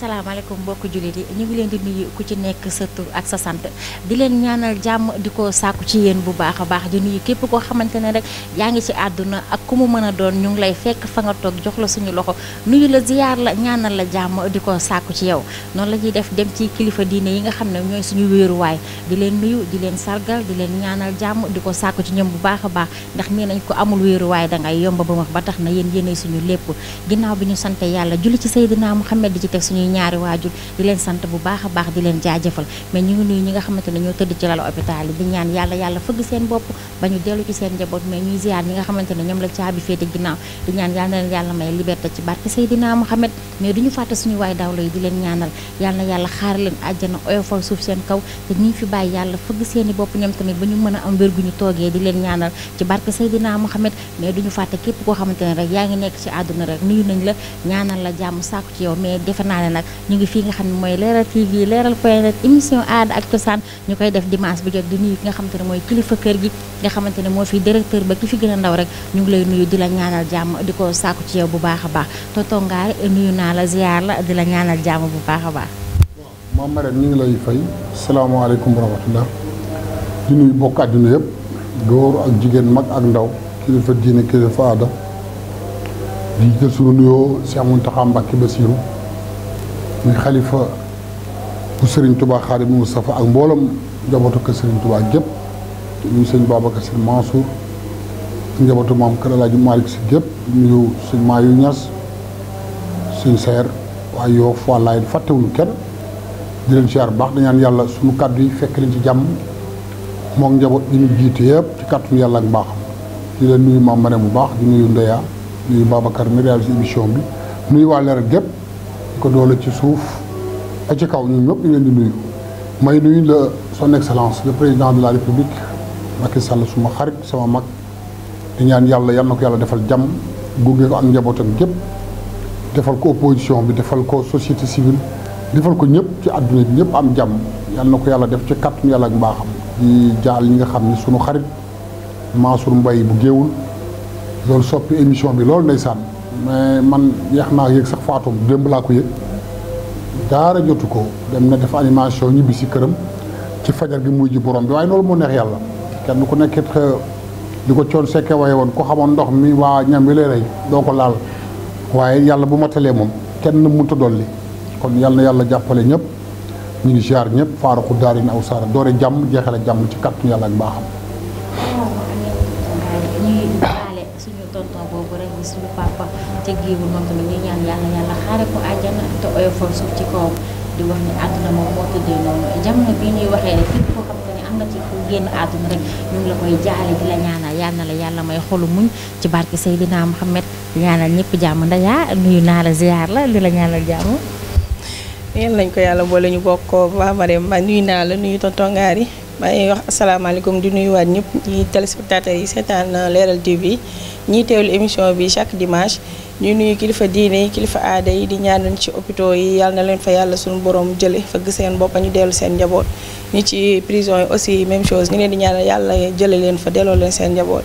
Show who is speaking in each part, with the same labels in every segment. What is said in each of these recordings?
Speaker 1: asalaamaaleykum mbokk jullit yi ñu ngi leen di nuyu ku ci nekk sa tur ak sa sant di leen ñaanal jàmm di ko sàkku ci yéen bu baax a baax di nuyu képp koo xamante ne rek yaa ngi ci àdduna ak mu mën a doon ñu ngi lay fekk fa nga toog jox la suñu loxo nuyu la ziyaar la ñaanal la jàmm di ko sàkku ci yow noonu la ñuy def dem ci kilifa diine yi nga xam ne ñooy suñu wéeruwaay di leen nuyu di leen sargal di leen ñaanal jàmm di ko sàkku ci ñoom bu baax a baax ndax nee nañ ko amul wéeruwaay da ngay yomba ba wax ba tax na yéen yéenay suñu lépp ginnaaw bi ñu sante yàlla julli ci Seydina Muhammad di ci teg suñuy ñaari waajur di leen sant bu baax a baax di leen jaajëfal mais ñu ngi nuyu ñi nga xamante ne ñoo tëdd ci lal hôpital yi di ñaan yàlla yàlla fëgg seen bopp ba ñu dellu ci seen njaboot mais ñuy la du ñu fàtte suñu waay dawla yi di leen ñaanal yàlla na leen àjjana oyofal suuf seen kaw te ñi fi bàyyi yàlla fëgg seeni bopp ñoom tamit ba ñu mën a am wér toogee di leen ñaanal ci barke Seydina Mohamed mais duñu fàtte képp koo xamante ne rek yaa ngi nekk ci àdduna rek nuyu nañ nag ñu ngi fii nga xam ne mooy leeral TV leeral point émission aada ak cosaan ñu koy def dimanche bu jot di nuyu ki nga xamante ne mooy kilifa kër gi nga xamante ne moo fi directeur ba ki fi gën a ndaw rek ñu ngi lay nuyu di la ñaanal jàmm di ko sàkku bu baax a baax tonton Ngaari nuyu naa la ziar la di la bu baax a baax.
Speaker 2: waaw ngi lay fay salaamaaleykum wa bokk àddina yëpp góor ak jigéen mag ak ndaw kilifa diine kilifa aada di jël suñu nuyoo si amoon taxaa Mbàkke Basiiru muy xalifa bu Serigne Touba Xaadimu Mustafa ak mbooloom njabootu ko sëriñ Touba gépp nuyu sëñ Babacar Sy Mansour njabootu maam kër Alaaji Malick Sy gépp nuyu sëñ Maayou Niass sëñ Seer waa Yoof waa Laayeen fàttewuñu kenn di leen siyaar baax dañaan yàlla suñu kàddu yi fekk leen ci jàmm moo njaboot yi ñu jiitu yëpp ci kàttanu yàlla ak mbaaxam di leen nuyu maam ma ne bu baax di nuyu Ndeya nuyu Babacar mi réalisé émission bi muy waa Leral gépp ko doole ci suuf ak ci kaw ñun ñëpp ñu leen di may nuyu la son excellence le président de la république Macky Sall suma xarit sama mag di yàlla yal na ko yàlla defal jàmm gunge ko ak njabootam gépp defal ko opposition bi defal ko société civile defal ko ñëpp ci àdduna bi ñëpp am jàmm yal ko yàlla def ci kàttan yàlla ak mbaaxam di jaal ñi nga xam ni sunu xarit Mansour mbay bu géewul loolu soppi émission bi loolu ndeysaan mais man yeex naa yëg sax faatu démb laa ko yëg daara jotu ko dem na def animation ñibbi si këram ci fajar gi muy ji borom bi waaye loolu moo neex yàlla kenn ku nekk it li ko coon sekke waye woon ku xamoon ndox mi waa ñam wi lay rey doo ko laal waaye yàlla bu ma telee moom kenn mënut a li kon yàlla yàlla jàppale ñëpp ñu ngi ziar ñëpp faaraku daarin aw saara doore jàmm jeexale jàmm ci kàttu yàlla ak baaxam.
Speaker 1: teggiwul moom tamit ñu ñaan yàlla yàlla xaare ko àjjana te oyofal suuf ci kaw di wax ne àdduna moom moo tëddee noonu jamono bii ñuy waxee rek képp koo xam te am na ci ku génn àdduna rek ñu ngi la koy jaale di la ñaanal yal na la yàlla
Speaker 3: may ko yàlla boole ñu bokk ko ba ba nuyu naa la nuyu tontongaar yi maa ngi wax asalaamaaleykum di nuyuwaat ñëpp ñi téléspectateurs yi seetaan Leral TV ñiy teewlu émission bi chaque dimanche. ñuy nuyu kilifa diine yi kilifa aada yi di ñaanal ci hôpitaux yi yàlla na leen fa yàlla suñu borom jële fëgg seen bopp ñu dellu seen njaboot ñi ci prison yi aussi même chose ñu leen di ñaanal yàlla jële leen fa delloo seen njaboot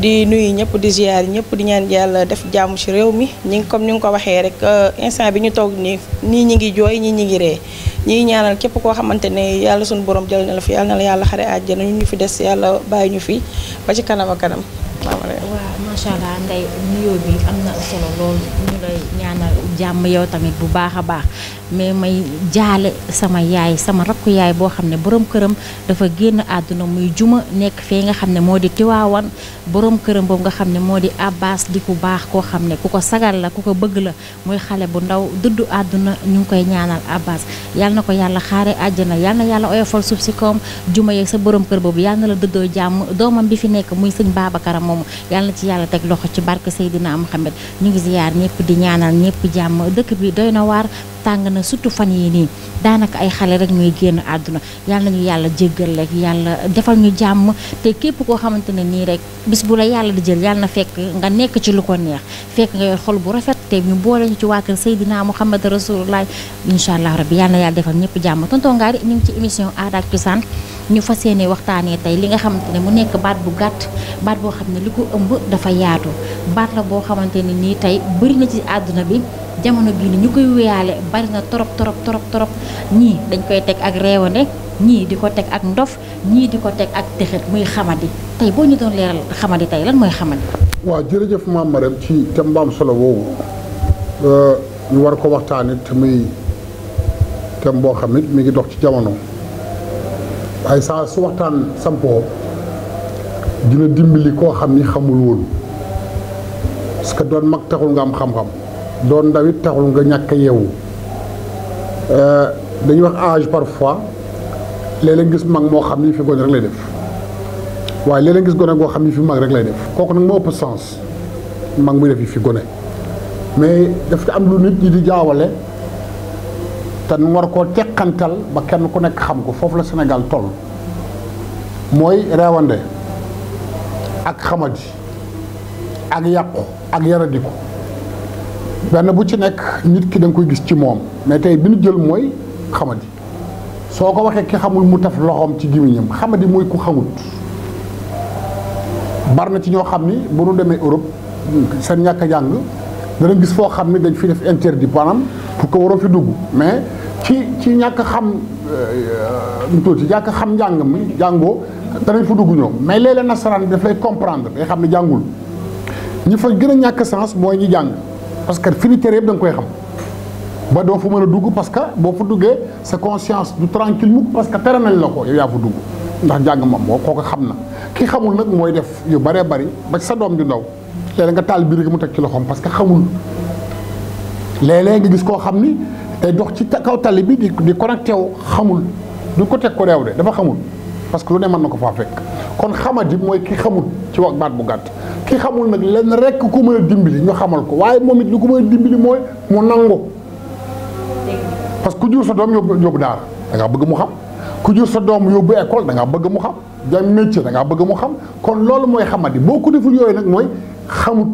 Speaker 3: di nuyu ñëpp di ziar ñëpp di ñaan yàlla def jàmm ci réew mi ñi ngi comme ni nga ko waxee rek euh, instant bi ñu toog nii nii ñi ngi jooy ñi ñu ngi ree ñi ñaanal képp koo xamante ne yàlla suñu borom jële na la fi yàlla yàlla xare àjjana ñu ñu fi des yàlla bàyyi ñu fi ba ci kanam a kanam
Speaker 1: waa macha allah Ndeye nuyoo bi am na solo lool ñu lay ñaanal jàmm yow tamit bu baax a baax mais may jaale sama yaay sama rakku yaay boo xam ne borom këram dafa génn àdduna muy juma nekk fee nga xam ne moo di tiwaawan borom këram boobu nga xam ne moo di abbas di ku baax koo xam ne ku ko sagar la ku ko bëgg la muy xale bu ndaw dëddu àdduna ñu ngi koy ñaanal abbas yal na ko yàlla xaare na yal na yàlla oyofal suuf si kawam juma yeeg sa borom kër boobu yal na la dëddoo jàmm doomam bi fi nekk muy sëñ Babacar moomu yal na ci yàlla teg loxo ci barke Seydina Muhammad ñu ngi ziyaar ñëpp di ñaanal jàmm dëkk tàng na surtout fan yii nii daanaka ay xale rek ñooy génn àdduna yàlla nañu yàlla jéggal rek yàlla defal ñu jàmm te képp koo xamante ne nii rek bis bu la yàlla di jël yàlla na fekk nga nekk ci lu ko neex fekk nga yor xol bu rafet te ñu boole ñu ci waa kër Seydina Muhammad Rasulullah incha allah rabbi yàlla na yàlla defal ñëpp jàmm tonton Ngari ñu ngi ci émission aada cosaan ñu fa yéene waxtaanee tey li nga xamante ne mu nekk baat bu gàtt baat boo xam ne li ko ëmb dafa yaatu baat boo xamante ne nii tey bëri na ci àdduna bi jamono bii ni ñu koy wéyaale bari na torop torop torop torop ñii dañ koy teg ak réewande ñii di ko teg ak ndof ñii di ko teg ak texet muy xamadi tey boo ñu doon leeral xamadi tey lan mooy xamadi
Speaker 2: waaw jërëjëf maam Marème ci thème am solo woowu euh, ñu war ko waxtaanee muy thème boo xam nit mi ngi dox ci jamono waaye saa su waxtaan sampoo dina dimbali koo xam ni xamul woon parce que doon mag taxul nga am xam-xam doon ndawit taxul nga ñàkk a yeewu euh, dañuy wax âge parfois léeg-léeg gis mag moo xam ni fi gone rek lay def waaye léeg-léeg gis gone goo xam ni fi mag rek lay def kooku nag moo ëpp sens mag muy def yi fi gone mais daf am lu nit ñi di jaawale te nu war koo teqantal ba kenn ku nekk xam ko foofu la Sénégal toll mooy reewande ak xamadi ak yàqu ak yaradiku benn bu ci nekk nit ki danga koy gis ci moom mais tey bi ñu jël mooy xamadi soo ko waxee ki xamul mu taf loxoom ci gémmiñam xamadi mooy ku xamut bar na ci ñoo xam ni bu nu demee Europe seen ñàkk jàng dana gis foo xam ni dañ fi def interdit maanaam pour que waroo fi dugg mais ci ci ñàkk xam euh, mu tuuti xam njàng mi jàngoo danañ fa dugg ñoom mais léeg-léeg nasaraan bi daf lay comprendre day xam ne jàngul ñi fa gën a ñàkk sens mooy ñi jàng. parce que fi ñu tere da nga koy xam ba doo fu mën a dugg parce que boo fa duggee sa conscience du tranquille mukk parce que tere nañ la ko yow yaa fa dugg ndax jàng moom boo kooku xam na ki xamul nag mooy def yu baree bari ba sa doom ju ndaw léeg-léeg nga taal biir gi mu teg ci loxoom parce que xamul léeg-léeg nga gis koo xam ni day dox ci kaw tali bi di di connecté wu xamul du ko teg ko réew de dafa xamul parce que lu ne mën na ko faa fekk kon xamadi mooy ki xamul ci wax baat bu gàtt ki xamul nag lenn rek ku mën a dimbali ñu xamal ko waaye moom it li ku mën a dimbali mooy mu nangu parce que ku jur sa doom yóbbu yóbbu daara da ngaa bëgg mu xam ku jur sa doom yóbbu école da ngaa bëgg mu xam jàng métier da bëgg mu xam kon loolu mooy xamadi boo ko deful yooyu nag mooy xamut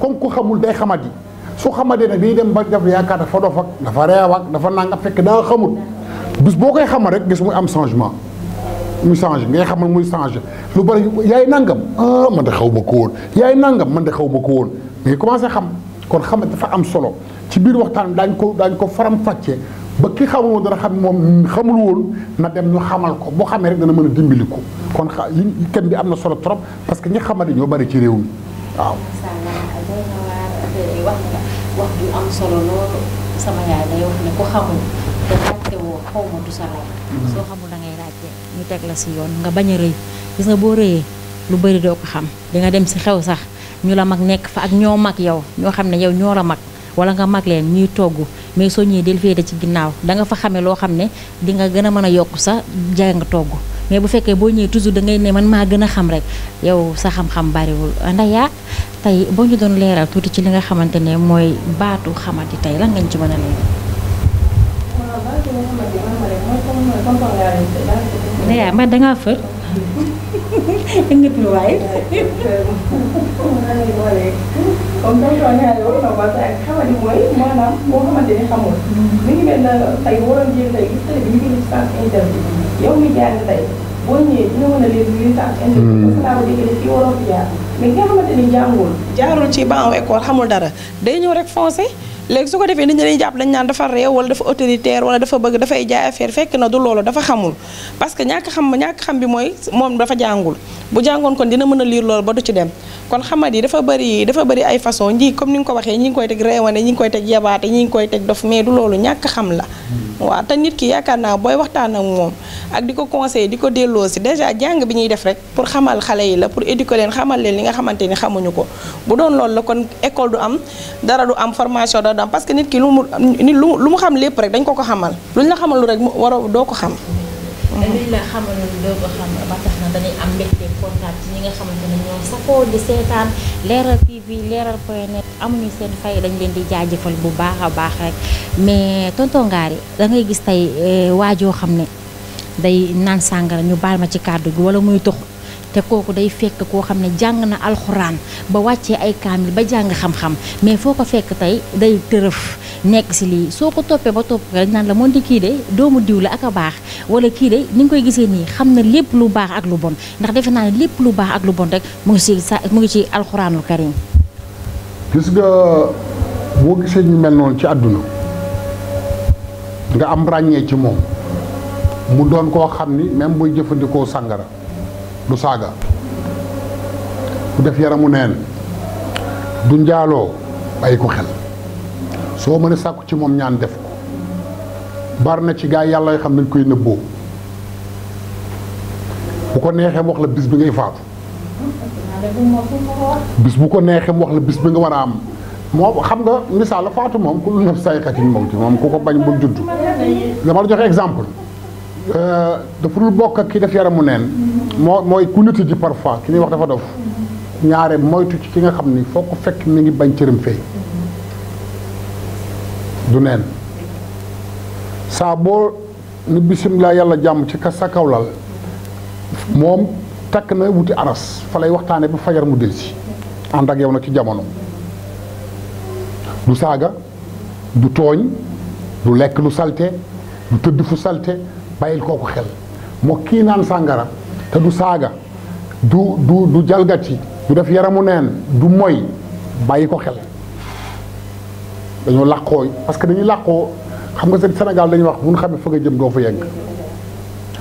Speaker 2: comme ku xamul day xamat xamadi su xamadee nag day dem ba def yaakaar dafa dof ak dafa reew ak dafa nang fekk daa xamut bis boo koy xamal rek gis muy am changement muy changé ngay xamal muy changé lu bari yaay nangam ah man de xaw ma ko woon yaay nangam man de xaw ma ko woon ngay commencé xam kon xam dafa am solo ci biir waxtaan daañ ko daañ ko faram-fàccee ba ki xamul woon dana xam moom xamul woon na dem ñu ko boo xamee rek dana mën a dimbali ko kon xa li bi am na solo trop parce que ñi xamadi ñoo bari ci réew mi waaw.
Speaker 1: ñu teg la si yoon nga bañ a rëy gis nga boo rëyee lu bëri doo ko xam di nga dem si xew sax ñu la mag nekk fa ak ñoo mag yow ñoo xam ne yow ñoo la mag wala nga mag leen ñuy togg mais soo ñëwee del féete ci ginnaaw da nga xamee loo xam ne di nga gën a mën a yokk sa jàng togg mais bu fekkee boo ñëwee toujours da ngay ne man maa gën a xam rek yow sa xam-xam bariwul Ndeya tey boo ñu doon leeral tuuti ci li nga xamante ne mooy baatu yi tey lan ñu ci mën a leeral Ndeya mbaa da ngaa fër. ngët lu waay.
Speaker 3: comme da nga ko waxee yow na ni xamul. mi ngi mel ne tey waroon jéem tey gis télé bi ñu gis sens interdit. yow mi jàng tey boo ñëwee dina mën a leen luy sens interdit. Hmm. parce que daa ko déggee fii waroon fi jaar mais ki nga xamante ni jàngul. jaarul ci ban école xamul dara day ñëw rek foncé. léegi su ko defee nit ñi dañuy jàpp dañ naan dafa réew wala dafa autoritaire wala dafa bëgg dafay jaay affaire fekk na du loolu dafa xamul parce que ñàkk xam ñàkk xam bi mooy moom dafa jàngul bu jàngoon kon dina mën a liir ba du ci dem kon xamat yi dafa bëri dafa bëri ay façon nji comme ni nga ko waxee ñi ngi koy teg réewane ñi ngi koy koy teg du loolu ñàkk xam la nit ki yaakaar naa booy waxtaan ak moom ak di ko conseillé di ko delloo si déjà jàng bi ñuy def rek pour xamal xale yi la pour ko leen xamal leen li nga xamante ni xamuñu ko bu doon loolu la kon école du am dara du am formation dam parce que nit ki lu mu nit lu mu xam lépp rek dañ ko ko xamal lu luñ la xamal rek rek war a doo ko xam.
Speaker 1: dañu la xamaloon ci ñi nga xamante ne ñoo safoo di seetaan leeral TV leeral point net amuñu seen fay dañ leen di jaajëfal bu baax a baax rek mais tonton yi dangay gis tey euh, waajoo xam ne day naan sàngara ñu baal ma ci kàddu gi wala muy tux te kooku day fekk koo xam ne jàng na alxuraan ba wàccee ay kaamil ba jàng xam-xam mais foo ko fekk tey day tërëf nekk ci lii soo ko toppee ba topp ko naan la moom di kii de doomu diw la ak a baax wala kii de ni koy gisee nii xam na lépp lu baax ak lu bon ndax defe naa lépp lu baax ak lu bon rek mu ngi ci sa mu ngi ci alxuraanul karim
Speaker 2: gis nga boo gisee ñu mel noonu ci àdduna nga am ràññee ci moom mu doon koo xam ni même buy jëfandikoo sàngara du saaga du def yaramu neen du njaaloo ay ko xel soo mënee sàkku ci moom ñaan def ko bari na ci gaa yàlla yoo xam dañ koy nëbboo bu ko neexee wax la bis bi ngay faatu bis bu ko neexee wax la bis bi nga war a am moom xam nga misaal la faatu moom ku lu naf sayxatin moom ci moom ku ko bañ bul judd dama la joxe exemple Euh, dafa dul bokk ak ki def yaramu neen moo mooy ku nit ji parfois ki ñuy wax dafa dof ñaare moytu ci ki nga xam ni foo ko fekk mi ngi bañ cëram fay du neen saa boo ni bisimilah yàlla jàmm ci ka sa kawlal moom takk na wuti aras fa lay waxtaane ba fajar mu delsi ànd ak yow na ci jamono du saaga du tooñ du lekk lu salte du tëdd fu salte bàyyil kooku xel moo kii naan sàngara te du saaga du du du jalgati du def yaramu neen du moy bàyyi ko xel dañoo làqoo parce que dañuy làqoo xam nga seen Sénégal dañuy wax bu ñu xamee fa nga jëm doo fa yeng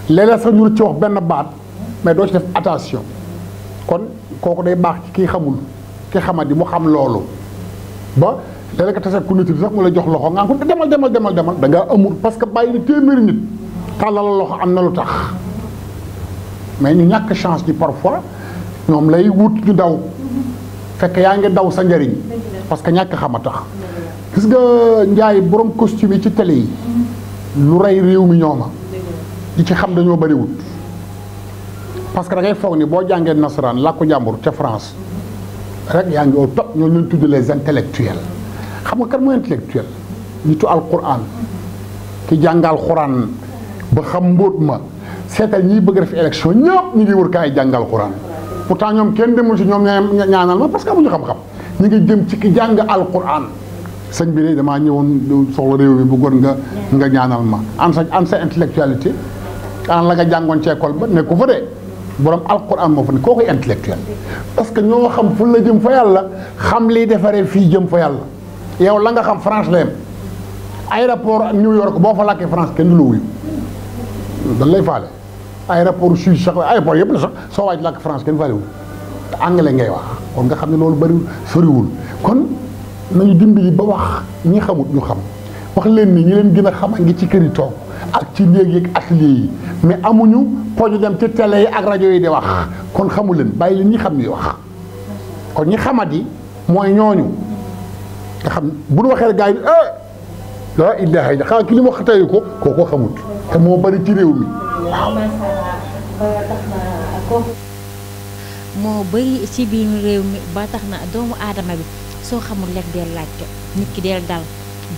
Speaker 2: léeg-léeg sax ñu ci wax benn baat mais doo ci def attention kon kooku day baax ci kii xamul ki xamadi mu xam loolu ba léeg-léeg nga ku nit sax mu la jox loxo nga ko demal demal demal demal da ngaa amul parce que bàyyi ni téeméeri nit. tàllal loxo am na lu tax mais ñu ñàkk chance bi parfois ñoom lay wut ñu daw fekk yaa ngi daw sa njëriñ parce que ñàkk xam a tax gis nga njaay borom costume yi ci télé yi lu rey réew mi ñooma li ci xam dañoo bëriwul parce que da ngay foog ni boo jàngee nasaraan làkku jàmbur ca France rek yaa ngi au top ñoo leen tudd les intellectuels xam nga kan mooy intellectuel nitu alquran ki jàngal xuraan ba xam mbóot ma seetal ñiy bëgg def élection ñëpp ñu ngi wër kaay jàngal Alxuraan pourtant ñoom kenn demul ci ñoom ñaanal ma parce que amuñu xam-xam ñu ngi jëm ci ki jàng Alxuraan sëñ bi de damaa ñëwoon soxla réew mi bëggoon nga nga ñaanal ma am sa am sa intellectualité an la nga jàngoon ci école ba nekku fa de borom alquran moo fa ne koo koy intellectuel parce que ñoo xam fu la jëm fa yàlla xam liy defaree fii jëm fa yàlla yow la nga xam France la yem aéroport New York boo fa làkkee France kenn du la dañ lay faale aéroport suisse sax aéroport yëpp la sax soo waaj làkk France kenn faalewul te anglais ngay wax kon nga xam ne loolu bëriwul soriwul kon nañu dimbali ba wax ñi xamut ñu xam wax leen ni ñi leen gën a xam a ngi ci kër yi toog ak ci néeg ak atelier mais amuñu poñu dem ci télé ak rajo yi di wax kon xamu leen bàyyi leen ñi xam ñuy wax kon ñi xamat yi mooy ñooñu nga xam bu nu waxee rek gars yi ah laa ilaha illa xanaa li mu ko kookoo xamut te moo bari ci réew mi
Speaker 1: moo bari ci biir réew mi ba tax na doomu aadama bi soo xamul lekk deel laajte nit ki deel dal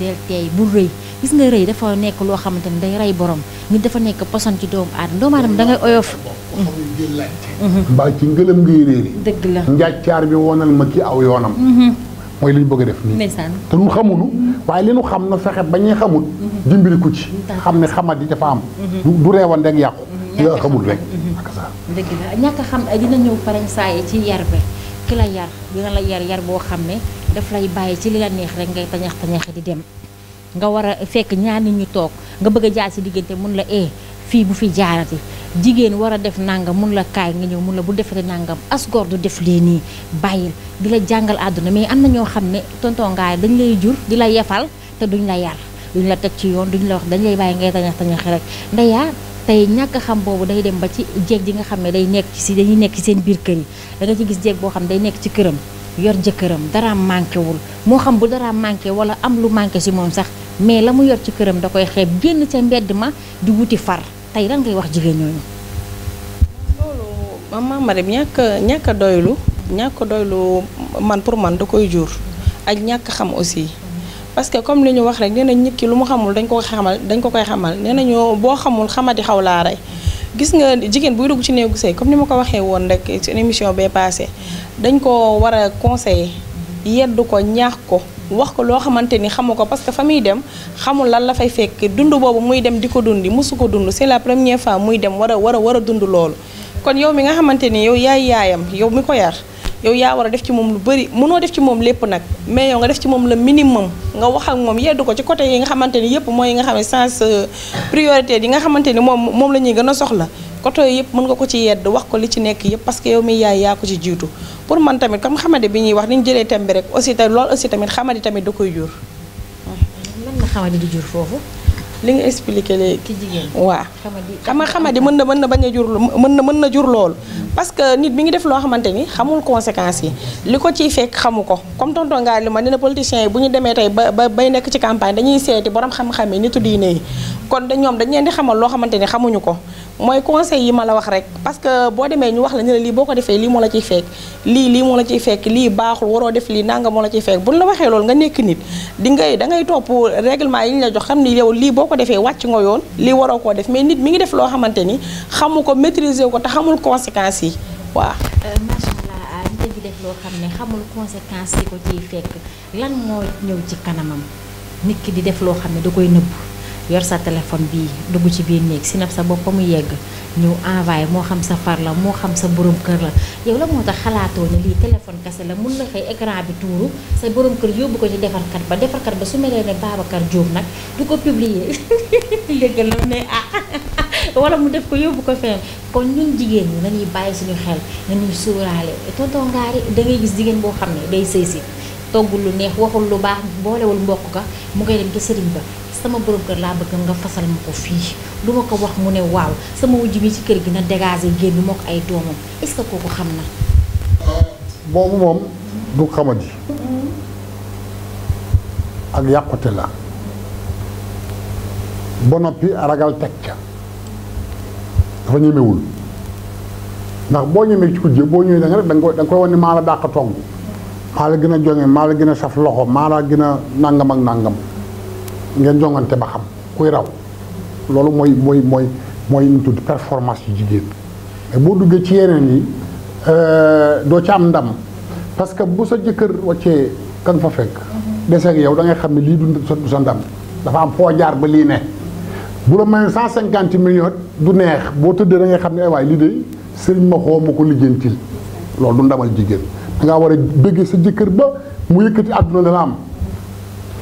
Speaker 1: deel teey bu rëy gis nga rëy dafa nekk loo xamante ni day rey borom nit dafa nekk poson ci doomu aadama doomu aadama
Speaker 2: da ngay oyof mbaa ci ngëlëm ngay réere dëgg la njàccaar bi wonal ma ki aw yoonam mhm. mooy li ñu bëgg a def nii te ñun xamunu waaye li ñu xam na fexe ba ñuy xamul mhm. dimbali ku ci xam ne xamat yi dafa am mhm. du reewande ak yàqu li mhm. nga xamul
Speaker 1: dëgg la ñàkk xam dina ñëw farañsaaye ci yar bi ki la yar dina la yar yar boo xam ne daf lay bàyyi ci li la neex rek ngay tañax tañaxi di dem nga war a fekk ñaar ni ñu toog nga bëgg a jaar si diggante mun la ee eh, fii bu fi jaarati jigéen war a def nangam mun la kaay nga ñëw mun la bu defaree nangam as du def lii nii bàyyil di la jàngal àdduna mais am na ñoo xam ne tonton dañu lay jur di la yefal te duñ la yar duñ la teg ci yoon duñu la wax dañ lay bàyyi ngay tañax tañax rek ndeyaa tey ñàkk xam boobu day dem ba ci jeeg ji nga xam ne day nekk ci dañuy nekk ci seen biir kër yi da nga ci gis jeeg boo xam ne day nekk ci këram yor jëkkëram dara manqué wul moo xam bu dara manqué wala am lu manqué ci moom sax mais la mu yor ci këram da koy xeeb génn ca mbedd ma di wuti far tey lan ngay wax jigéen ñooñu.
Speaker 3: loolu maman Marème ñàkk ñàkk a doylu ñàkk doylu man pour man da koy jur ak ñàkk xam aussi. parce que comme li ñu wax rek nee nañ nit lu mu xamul dañ ko xamal dañ ko koy xamal nee nañu boo xamul xamati xaw laa rey gis nga jigéen buy dugg ci néegu sëy comme ni ma ko waxee woon rek ci émission bee passé dañ ko war a conseiller yedd ko ñaax ko. wax ko loo xamante ni xamu ko parce que fa muy dem xamul lan la fay fekk dund boobu muy dem di ko dund dundi mosu ko dund c'est la première fois muy dem war a war a war a dund loolu kon yow mi nga xamante ni yow yaay yaayam yow mi ko yar yow yaa war a def ci moom lu bëri mënoo def ci moom lépp nag mais yow nga def ci moom le minimum nga wax moom yeddu ko ci côté yi nga xamante ni yëpp mooy yi nga xam ne sens euh, priorité yi xamante ni moom moom la ñuy gën a soxla côté yëpp mën nga ko ci yedd wax ko li ci nekk yëpp parce que yow mi yaay yaa ko ci jiitu pour man tamit comme xamante bi ñuy wax ni ñu jëlee thème bi rek aussi tamit loolu aussi tamit xamadi tamit da koy jur. lan nga xamadi di jur foofu. li nga expliqué léegi. ci jigéen waaw. xam nga xamadi mën na mën na bañ a jur mën na mën na jur loolu. parce que nit mi ngi def loo xamante ni xamul conséquences yi li ko ciy fekk xamu ko comme tonton Ngaye li ma ne na politiciens yi bu ñu demee tey ba ba bay nekk ci campagne dañuy seeti borom xam-xam yi nitu diine yi kon da ñoom dañ leen di xamal loo xamante ni xamuñu ko mooy conseil yi ma la wax rek parce que boo demee ñu wax la ñu ne lii boo ko defee lii moo la ciy fekk lii lii moo la ciy fekk lii baaxul waroo def lii nanga moo la ciy fekk buñ la waxee loolu nga nekk nit di ngay da ngay topp règlement yi ñu la jox xam ni yow lii boo ko defee wàcc nga yoon lii waroo koo def mais nit mi ngi def loo xamante ni xamu ko maîtriser ko te xamul conséquences yi waaw.
Speaker 1: Euh, macha allah nit loo xam ne xamul conséquences yi ko ciy fekk lan moo ñëw ci kanamam nit ki di def loo xam ne da koy nëbb. yor sa téléphone bii dugg ci biir néeg si sinab sa bopp mu yegg ñu envoyé moo xam sa far la moo xam sa borom kër la yow la moo tax xalaatoo ne lii téléphone kase la mun na xëy écran bi tuuru sa borom kër yóbbu ko ci defarkat ba defarkat ba su melee ne Babacar Diop nag du ko publier dégg la ne ah wala mu def ko yóbbu ko feneen kon ñun jigéen ñi nañuy bàyyi suñu xel nañuy suuraale tonton Ngari da ngay gis jigéen boo xam ne day sëy si toggul lu neex waxul lu baax boolewul mbokk ka mu koy dem ba sama borom kër laa bëgg nga fasal ma ko fii lu ma ko wax mu ne waaw sama wujj bi ci kër gi na dégager génn moo ko ay doomam est-ce kooku xam na.
Speaker 2: boobu moom du xamadi ak yàqute la ba noppi ragal teg ca dafa ñemewul ndax boo ñemee ci kujje boo ñëwee da nga rek da nga koy da nga koy wane maa la dàq togg maa gën a joŋe maa la gën a saf loxo maa gën a nàngam ak nàngam ngeen jongante ba xam kuy raw loolu mooy mooy mooy mooy ñu tudd performance yu jigéen mais boo duggee ci yeneen yi euh, doo ci am ndam parce que bu sa jëkkër wàccee ka nga fa fekk deseeg yow da ngay xam ne lii du sa ndam dafa am foo jaar ba lii ne bu la mayoon cent cinquante millions du neex boo tëddee da ngay xam ne ay waay lii de sëriñ ma xoo ma ko lijjantil loolu du ndamal jigéen da ngaa war a bëggee sa jëkkër ba mu yëkkati àdduna dana am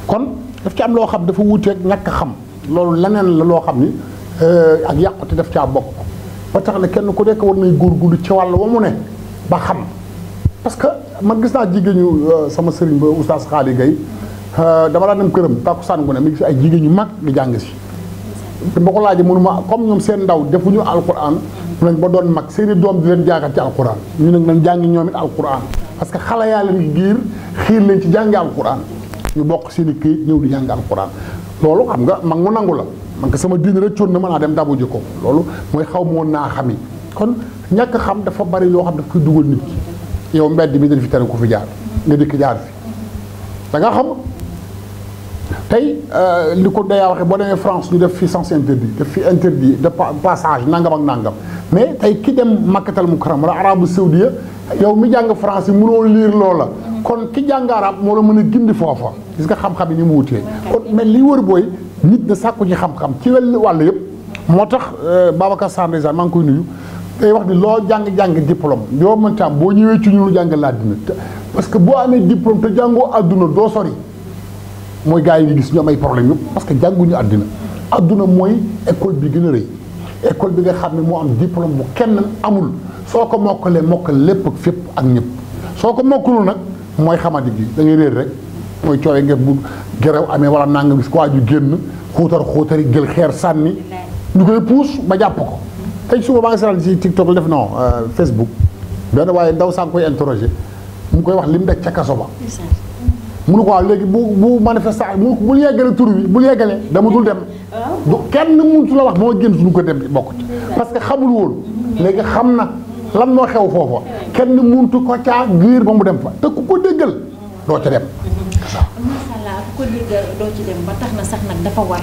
Speaker 2: kon daf ci am loo xam dafa wuuteeg ñàkk xam loolu leneen la loo xam ni euh, ak yàqute daf caa bokk ba tax na kenn ku nekk war nay góorgóorlu ci wàll wa mu ne ba xam parce que man gis naa jigéen ñu euh, sama sëriñ ba oustaz Xaali Gay euh, dama daan dem këram tàkkusaan gu ne mi ngi ay jigéen ñu mag di jàng si ba ko laajee mënuma comme ñoom seen ndaw defuñu alquran nañ ba doon mag seeni doom bi leen jàngal ci alquran ñu ne nañ jàngi ñoom it alquran parce que xale yaa leen giir xiir leen ci jàngi alquran ñu bokk seen i këyit ñëw di jàng alxuraan loolu xam nga mag mu nangu la man ko sama diine rek coon na mën naa dem dabu ko loolu mooy xaw ma woon naa xam yi kon ñàkk xam dafa bari loo xam daf koy dugal nit ki yow mbedd mi dañ fi tere ko fi jaar nga dikk jaar fi da nga xam tey euh, li ko dayaa waxee boo demee France ñu def fi sens interdit def fi interdit de passage nangam ak nangam mais tey ki dem makkatal mu karam wala arabu saoudia yow mi jàng France mu mënoo liir kon ki jàng arab moo la mën a gindi foofa gis nga xam-xam yi ni mu wutee kon mel li wër booy nit na sàkku ci xam-xam ci wel wàll yëpp moo tax euh, Babacar Sam Ndeysaan maa ngi koy nuyu day wax di loo jàng-jàng diplôme yoo mën taam boo ñëwee ci ñu lu jàng laa dina parce que boo amee diplôme te jàngoo àdduna doo sori mooy gars yi ngi gis ñu am ay problème yëpp parce que jànguñu àdduna àdduna mooy école bi gën a rëy école bi nga xam ne moo am diplôme bu kenn amul soo ko mokkalee mokkal lépp fépp ak ñëpp soo ko mokkalul nag mooy xamadi gi da ngay réer rek mooy coowee ngeen bu gerew amee wala nangam gis ko waa ju génn xuutar xuutari jël xeer sànni ñu koy puus ba jàpp ko tey suba maa ngi seetaan si TikTok def non euh, Facebook benn waaye ndaw saa ngi koy interroger mu koy wax li mu daj ca kaso ba munu ko waaw léegi bu bu manifestation mu bul yeggale tur bi bu yeggale dama dul dem kenn kenn mëntu la wax moo génn suñu ko dem bokk ci parce que xamul woon léegi xam na lan moo xew foofa kenn muntu ko caa giir ba mu dem fa te ku ko déggal doo ca dem.
Speaker 1: ci dem ba tax na sax nag dafa war.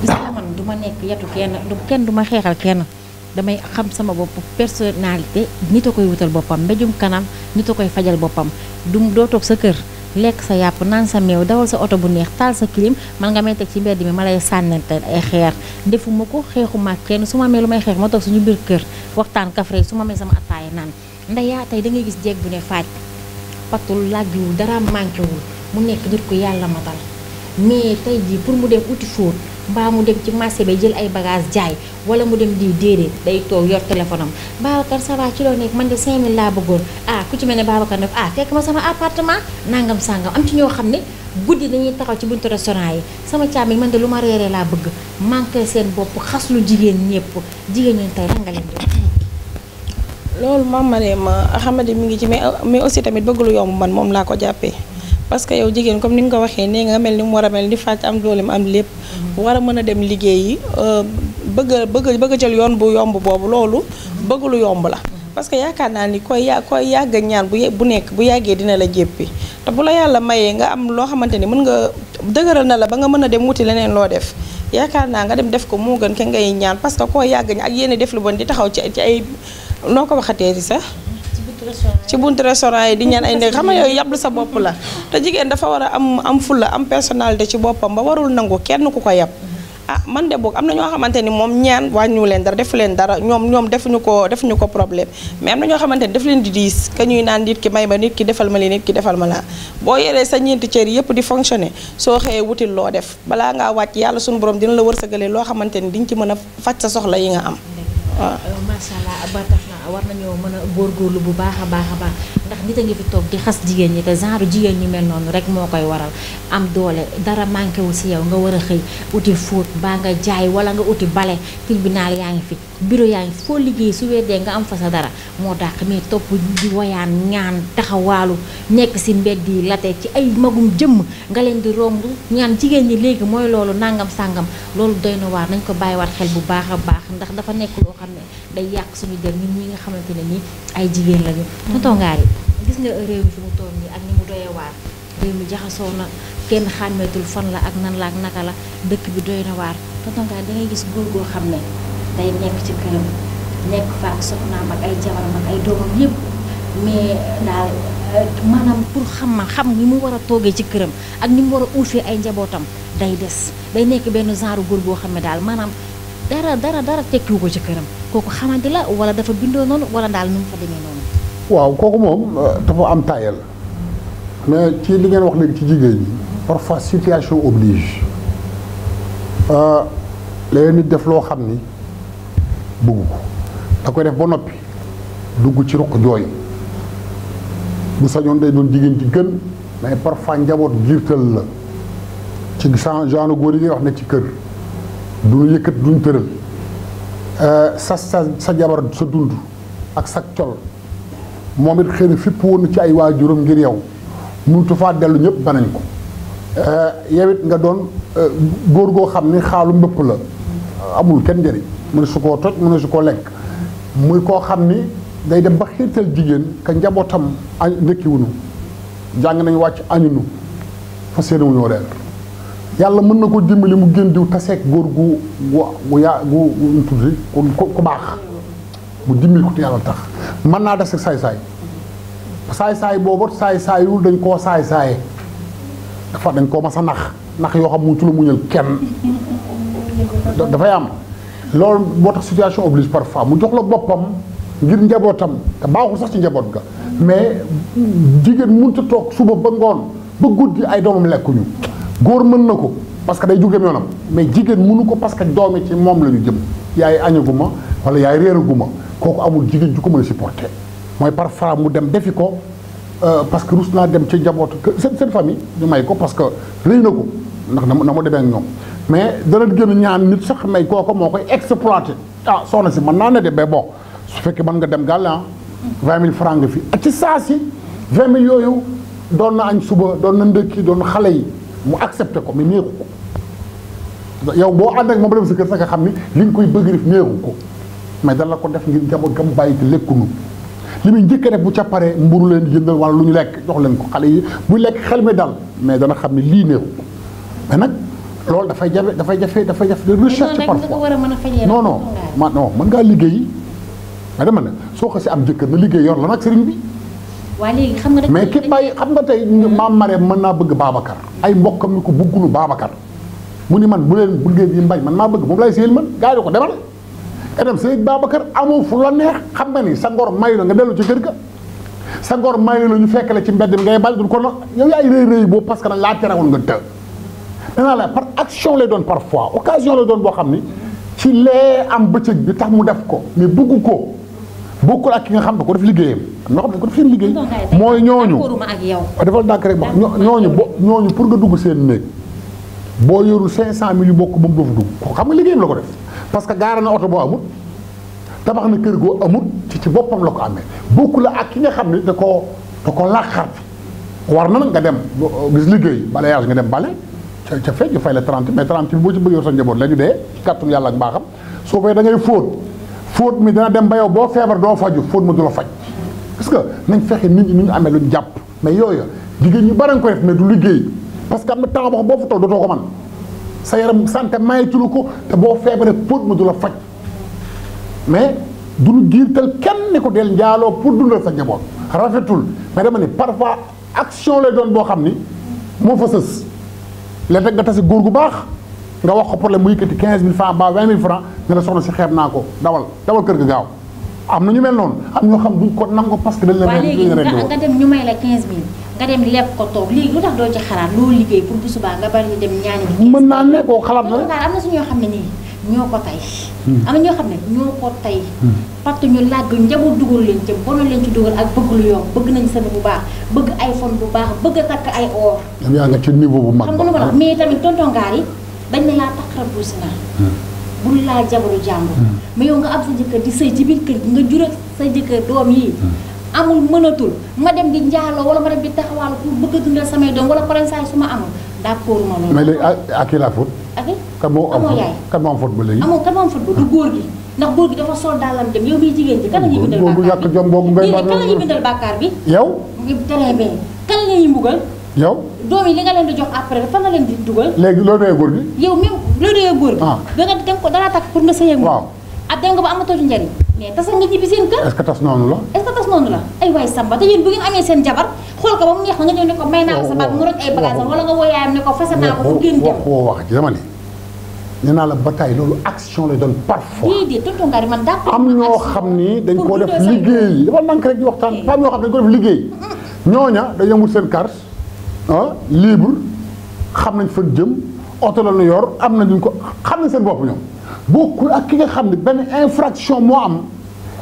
Speaker 1: gis nga man du ma nekk yetu kenn du kenn du ma xeexal kenn. damay xam sama bopp personnalité nit a koy wutal boppam mbéjum kanam nit a koy fajal boppam du doo toog sa kër. lekk sa yàpp naan sa meew dawal sa oto bu neex taal sa clim man nga may teg ci mbedd mi ma lay sànnante ay xeer defuma ko xeexu xeexuma kenn su ma amee lu may xeex ma toog suñu biir kër waxtaan kafre su ma amee sama attaaya naan ndeyaa tey da ngay gis jeg bu ne faj patul làggiwul dara manqué mu nekk nit ku yàlla matal mais tey jii pour mu dem uti fóot mbaa mu dem ci marché bi jël ay bagage jaay wala mu dem di déedéet day toog yor téléphone am Babacar ça va ci loo nekk man de seen laa bëggoon ah ku ci mel ne Babacar ne ah fekk ma sama appartement nangam sangam am ci ñoo xam ne guddi dañuy taxaw ci buntu restaurant yi sama càmm yi man de lu ma reeree laa bëgg manqué seen bopp xas lu jigéen ñëpp jigéen ñi tey lan nga leen
Speaker 3: loolu maam ma ne ma xamante ah, mu ngi ci mais aussi tamit bëgg lu man moom laa ko jàppee. parce que yow jigéen comme ni nga ko waxee nee nga mel ni mu war a mel ni fàcc am doole mu am lépp. Mhm. war a mën a dem liggéey euh, bëgg a bëgg bëgg jël yoon bu yomb boobu loolu. bëgg lu yomb la. parce que yaakaar naa ni koy ya koy yàgg ñaan bu bu nekk bu yàggee dina la jéppi te bu la yàlla mayee nga am loo xamante ni mën nga dëgërël na la ba nga mën a dem wuti leneen loo def. yaakaar naa nga dem def ko moo gën ka ngay ñaan parce que koo yàgg ñi ak yéen def lu bon di taxaw ci ci ay noo ko waxatee sax. ci buntu restaurant yi di ñaan ay ndéeg xam nga yooyu sa bopp la te jigéen dafa war a am am fulla am personnalité ci boppam ba warul nangu kenn ku ko yàpp ah man de boog am na ñoo xamante ni moom ñaan wàññiwu leen dara defu leen dara ñoom ñoom defuñu ko defuñu ko problème mais am na ñoo xamante ni daf leen di diis que ñuy naan nit ki may ma nit ki defal ma li nit ki defal ma laa boo yoree sa ñeenti cër yëpp di fonctionner soo xëyee wutil loo def balaa ngaa wàcc yàlla suñu borom dina la wërsëgalee loo xamante ni diñ ci mën a faj sa soxla yi nga am waaw
Speaker 1: euh, war nañoo mën a góorlu bu baax a baax a baax ndax nit a ngi fi toog di xas jigéen ñi te genre jigéen ñi mel noonu rek moo koy waral am doole dara manqué wu si yaw nga war a xëy wuti fóot baa nga jaay wala nga uti bale tribunal yaa ngi fi bureau yaa ngi fi foo liggéey su weddee nga am fa sa dara moo dàq mais topp di woyaan ñaan taxawaalu nekk si mbedd yi late ci ay magum jëmm nga leen di romb ñaan jigéen ñi léegi mooy loolu nangam sàngam loolu doy na waar nañ ko bàyyi bàyyiwaat xel bu baax a baax ndax dafa nekk loo xam ne day yàq suñu der ñun ñi nga xamante ne nii ay jigéen lañu. Mm-hmm. tonton Ngary gis nga réew mi fi mu toll nii ak ni mu doyee waar réew mi jaxasoo na kenn xàmmeetul fan la ak nan la ak naka la dëkk bi doy na waar tonton Ngary dangay gis góor goo xam ne day nekk ci këram nekk fa ak soxnaam ak ay jabaram ak ay doomam yëpp mais daal euh, maanaam pour xam ma xam ni mu war a toogee ci këram ak ni mu war a uufee ay njabootam day des day nekk benn genre góor boo xam ne daal maanaam. dara dara dara tekkiwu ko ci këram kooku xamante la wala dafa bindoo noonu wala daal nu mu fa demee noonu.
Speaker 2: waaw kooku moom euh, dafa am taayal mais ci li ngeen wax léegi ci jigéen ñi parfois situation oblige euh, léeg nit def loo xam ni bëgg ko da koy def ba noppi dugg ci ruq jooy bu sañoon day doon jigéen ci gën mais parfois njaboot jiirtal la ci genre góor yi ngay wax ne ci kër. du ñu yëkkat duñ tëral euh, sa sa sa jabar sa dund ak sa col moom it xëy na fipp woon ci ay juróom ngir yow mënutu faa dellu ñëpp banañ ko euh, yow it nga doon euh, góor goo xam ni xaalu mbëpp la amul kenn njëriñ mu ne su koo toj mu ne su koo lekk muy koo xam ni day dem ba xiirtal jigéen ka njabootam a ndékkiwunu jàng nañu wàcc añunu fas yéene wu reer yàlla mën na ko dimbali mu génn diw taseeg góor gu gu yaa gu tuddi ku ku baax mu dimbali ko te yàlla tax mën naa des ak saay-saay saay-saay boobu saay-saayul dañ koo saay-saaye dafa dañ koo mas nax nax yoo xam mu ci la muñal dafay am loolu moo tax situation oblige parfois mu jox la boppam ngir njabootam te baaxul sax ci njaboot ga mais jigéen mënut a toog suba ba ngoon ba guddi ay doomam lekkuñu góor mën na ko parce que day jugem yoonam mais jigéen munu ko parce que doomi ci moom la ñu jëm yaay añaguma wala yaay réeraguma kooku amul jigéen ju ko mën a supporter mooy parfois mu dem defi ko euh, parce que rus naa dem ci njabootu seen seen famille ñu may ko parce que rëy na ko ndax na ma demee ak ñoom mais dana gën ñaan nit sax may kooku moo koy exploité ah soxna si mën naa ne de mais bon su fekkee mën nga dem gàll ah. mille 000 francs nga fi ak ci saa si 20 000 yooyu doon na añ suba doon na ndëkki doon xale yi. mu accepté ko mais neexu ko yow boo ànd ak moom dem sa kër sa nga xam ni li nga koy bëgg def neexu ko mais dana la ko def ngir gam gam bàyyi te lekkunu li muy njëkk rek bu ca paree mburu leen jëndal wala lu ñu lekk jox leen ko xale yi bu lekk xel mi dal mais dana xam ni lii néew mais nag loolu dafay jafe dafay jafe dafay jafe de recherche parfois non non man non mën ngaa liggéey mais dama ne soo ko si am jëkkër na liggéey yor la nag sëriñ bi
Speaker 1: waa léegi xam nga mais ki
Speaker 2: bàyyi xam nga tey hmm. maam Marème mën naa bëgg Babacar ay mbokkam ni ko bëggunu Babacar mu ni man bu leen bëggee bi mbañ man maa bëgg moom lay séyil man gars yi ko demal nga dem sëy Babacar amoo fu la neex xam nga ni sa ngor mayu la nga dellu ci kër ka sa ngor mayu la ñu fekk la ci mbedd mi ngay bal duñ ko na yow yaay rëy rëy boobu parce que nag laa terewoon nga të danaa la par action lay doon parfois occasion lay doon boo xam ni ci lee am bëccëg bi tax mu def ko mais bëgg ko bokkul ak ki nga xam ne ko def liggéeyam noo xam ne ko def liggéey mooy ñooñu defal dànk rek ma ñooñu bo ñooñu pour nga dugg seen néeg boo yorul cinq cent mille bokk ba mu doofu dugg xam nga liggéeyam la ko parce que gaara na boo amut tabax na kër goo amut ci ci boppam la ko amee bokku la ak ki nga xam ne da koo da ko làqar war na nag nga dem gis liggéey balayage nga dem bale ca ca fekk ñu fay la 30 boo ci bëgg yor sa njaboot la ñu ak mbaaxam soo koy da ngay fóot fóot mi dina dem ba yow boo feebar doo faju fóot mi du la faj parce que nañ fexe nit ñi ñu amee luñ jàpp mais yooyu jigéen ñi bari ko def mais du liggéey parce que am na temps boo xam boo fa toog dootoo ko man sa yaram santé ko boo feebaree fóot mi du la faj mais du lu giirtal kenn ni ko del njaaloo pour dundal sa njaboot rafetul mais dama ni parfois action lay doon boo xam ni moo fa sës léeg nga tasi góor gu baax nga wax ko problème bu yëkkati 15000 francs ba 20000 francs nga ne soxna si xeeb naa ko dawal dawal kër gaaw am na ñu mel noonu am ñoo xam ko parce que dañ la léegi nga
Speaker 1: dem ñu may la 15000 nga dem nga bari ne koo xalaat la am na suñoo xam ne nii ñoo ko tay hmm. am na ñoo xam ne ñoo ko tay hmm. partu ñu laaj bu njaboot leen jëm bono leen ci dugal ak bëgg lu yomb bëgg nañ sën bu baax bëgg iPhone bu baax bëgg a takk ay or
Speaker 2: yaa nga ci niveau bu mag xam lu ma la mais
Speaker 1: tamit tonton yi dañ ne laa taqrabu zina hmm. bul laa jabaru jàmbur hmm. mais yow nga am sa jëkkër di sëy ci biir kër gi nga jural sa jëkkër doom yi hmm. amul mënatul ma dem di njaaloo wala ma dem di taxawaal pour bëgg a dundal samay doom wala parensaay su ma amul d'accord ma loolu mais léegi à ah, ak
Speaker 2: kan moo am faute kan moo am faute ba léegi amoo
Speaker 1: kan am faute ba du góor gi ndax góor gi dafa sol daalam dem yow miy jigéen ji kan la ñuy bindal
Speaker 2: bàkkaar bi kan la ñuy bindal bàkkaar bi yow
Speaker 1: bi kan la ñuy yow. doom yi li nga leen di jox après fan nga leen di dugal.
Speaker 2: léegi loo doyee góor gi.
Speaker 1: yow même loo doyee góor gi. da ah. dem ko dana takk pour nga sëyeeg waaw ak ah, dem nga ba que noonu la.
Speaker 2: est-ce que tas noonu
Speaker 1: la ba mu neex
Speaker 2: nga la bataille loolu action lay doon
Speaker 1: am ñoo xam
Speaker 2: ni dañ koo def liggéey dafa nank rek di waxtaan am ñoo xam ne dañ ko def liggéey ñooña dañu amul seen carte ah libre xam nañ fan jëm oto la ñu yor am na ñu ko xam nañ seen bopp ñoom bokkul ak ki nga xam ne benn infraction moo am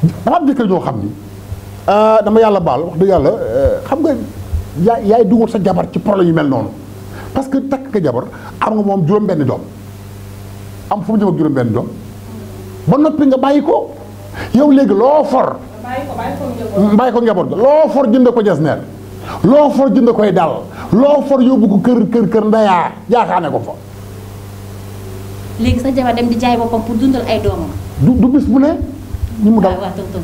Speaker 2: dafa am jëkkër ñoo xam ni ah, dama yàlla baal wax dëgg yàlla eh, xam nga yaa yaay dugal sa jabar ci problème yu mel noonu parce que takk nga jabar am nga moom juróom-benn doom am fu mu jëm ak juróom-benn doom ba noppi nga bàyyi ko yow léegi loo for. bàyyi ko bàyyi ko njaboot loo for jënd ko jas neer loo for jënd koy dal loo for yóbbu ko kër kër kër ndayaa jaaxaane ko fa.
Speaker 1: léegi sa jabar dem di jaay boppam pour dundal ay doomam.
Speaker 2: du du bis bu ne.
Speaker 1: ñu mu dal waaw waaw tonton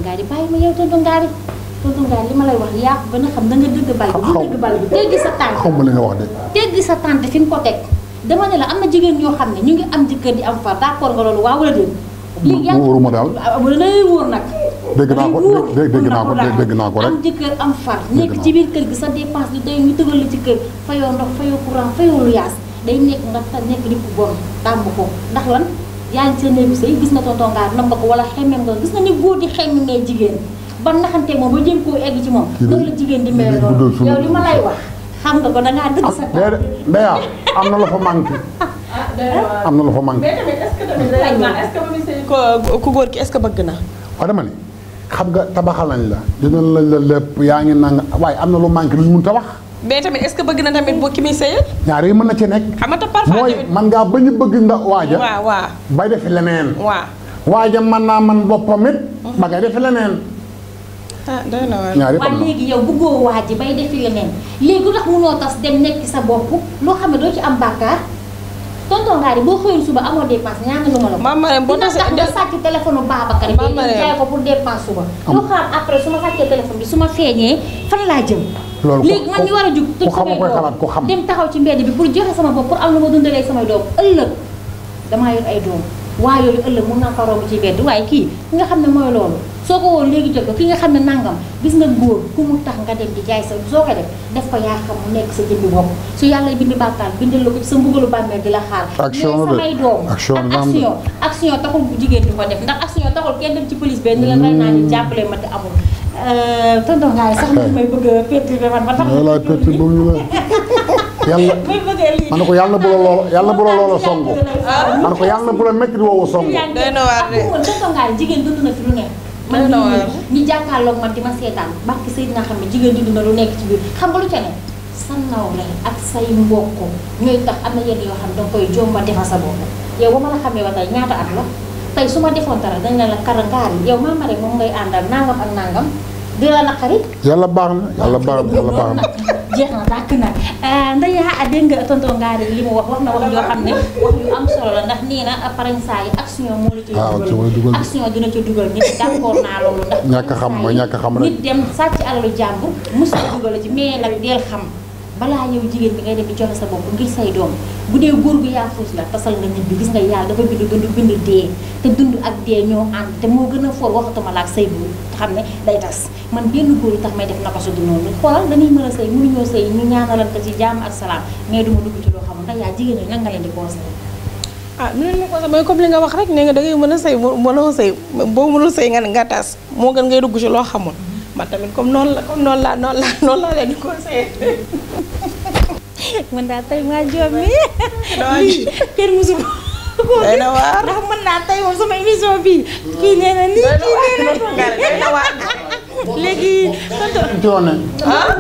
Speaker 1: li ma lay wax yaa ko gën a xam na nga dëgg bal bi. xaw dëgg bal bi teggi sa tànk.
Speaker 2: xaw ma li nga wax de.
Speaker 1: teggi sa tànk fi nga ko teg dama ne la am na jigéen yoo xam ne ñu ngi am jëkkër di am far d'accord nga loolu waaw wala déet.
Speaker 2: léegi yaa ngi wóoruma daal
Speaker 1: wala wóor nag.
Speaker 2: dégg naa ko dégg naa ko dégg naa ko rek am
Speaker 1: jëkkër am far nekk ci biir kër gi sa dépense du doy ñu tëgal la ci fayoo ndox fayoo courant fayoo lu day nekk nga ta nekk di ko bon tàmb lay wax xam nga ko dangaa dëgg sa
Speaker 2: daya am na la fa manqué am na la fa manqué
Speaker 3: ku góor ki est bëgg na
Speaker 2: xam nga tabaxalañ la dina lañ la lépp yaa ngi nang waaye am na lu manqué lu ñu mun tabax
Speaker 3: mais tamit est-ce que bëgg na tamit boo ki muy sëyal
Speaker 2: ñaar yi mën na ci nekk xam nga mooy man ngaa ba ñu bëgg nda waaja waaw waaw bay defi leneen waaw waaja mën naa man boppam it mhm. ba ngay leneen
Speaker 1: ah doy na waaw waaw léegi yow bëggoo waaji bay defi leneen léegi lu tax munoo tas dem nekk sa bopp loo xam ne doo ci am bàkkaar tonton Ngari boo xëyul suba amoo dépense ñaata lu ma la. maam Marème boo tasee dina tax nga sàcc téléphone bu Babacar. maam Marème jaay ko pour dépense suba. lu xaar après su ma sàccee téléphone bi su ma feeñee fan laa jëm. loolu léegi man mi war a jug. ku xam koy xalaat ku xam dem taxaw ci mbedd bi pour joxe sama bopp pour am lu ma dundalee samay doom ëllëg damaa yor ay doom waaye yooyu ëllëg mun naa ko romb ci mbedd waaye kii nga xam ne mooy loolu soo ko woo léegi jël ko ki nga xam ne nangam gis nga góor ku mu tax nga dem di jaay sa soo ko def ko yaa xam mu nekk sa jëmbi bopp su yàlla bindi bàkkaar bindal la la xaar action samay doom ak action action taxul bu di ko def ndax action taxul kenn dem ci police benn la lay naa ni mm. jàppale euh, a yàlla ko
Speaker 2: yàlla bu la loola yàlla bu la loola song ma ko yàlla bu la métti woowu song tonton
Speaker 1: Ngaye na fi ne man ñi jàkkaarloog man di ma seetaan barki sëy nga xam ne jigéen di dunda lu nekk ci biir xam nga lu ca ne sa nawle ak say mbokk ñooy tax am na yenn yoo xam danga koy jomba defar sa bopp yow ba ma la xamee ba tey ñaata at la tey su ma defoon dara dañ ne la karangaar yi yow maa ma rek moom ngay àndal nangam ak nangam
Speaker 2: di la naqari. yàlla baax na yàlla baax na yàlla na.
Speaker 1: jeex na tàkk na eh, Ndeya dégg nga tonton li mu wax wax na wax yoo xam ne wax yu am solo la ndax nee na parensaa moo la ci dugal action dina ci dugal nit d'accord naa loolu
Speaker 2: ndax ñàkk xam mooy ñàkk xam rek nit
Speaker 1: dem sàcc alalu jàmbur mos a dugal ci mais nag deel xam balaa yow jigéen bi ngay dem di joxe sa bopp ngir say doom bu dee góor gu yaafuus la tasal nga nit gis nga yàlla dafa bind gën a bind dee te dund ak dee ñoo ànd te moo gën a foor waxatuma la say bu te xam ne day tas man benn góor tax may def naka su du noonu xoolal dañuy mën loo xam ndax yaa jigéen ñi nan ah,
Speaker 3: nga wax rek nee nga da ngay mën a boo mënul nga nga tas moo gën ngay dugg ci loo xamul man tamit comme noonu la comme noonu laa noonu laa noonu laa leen di conseillé.
Speaker 1: mën naa tey maa joom mi. kenn musu ko. day na waar ndax mën naa tey moom sama émission bii. kii nee na nii kii
Speaker 3: nee na léegi.
Speaker 2: coono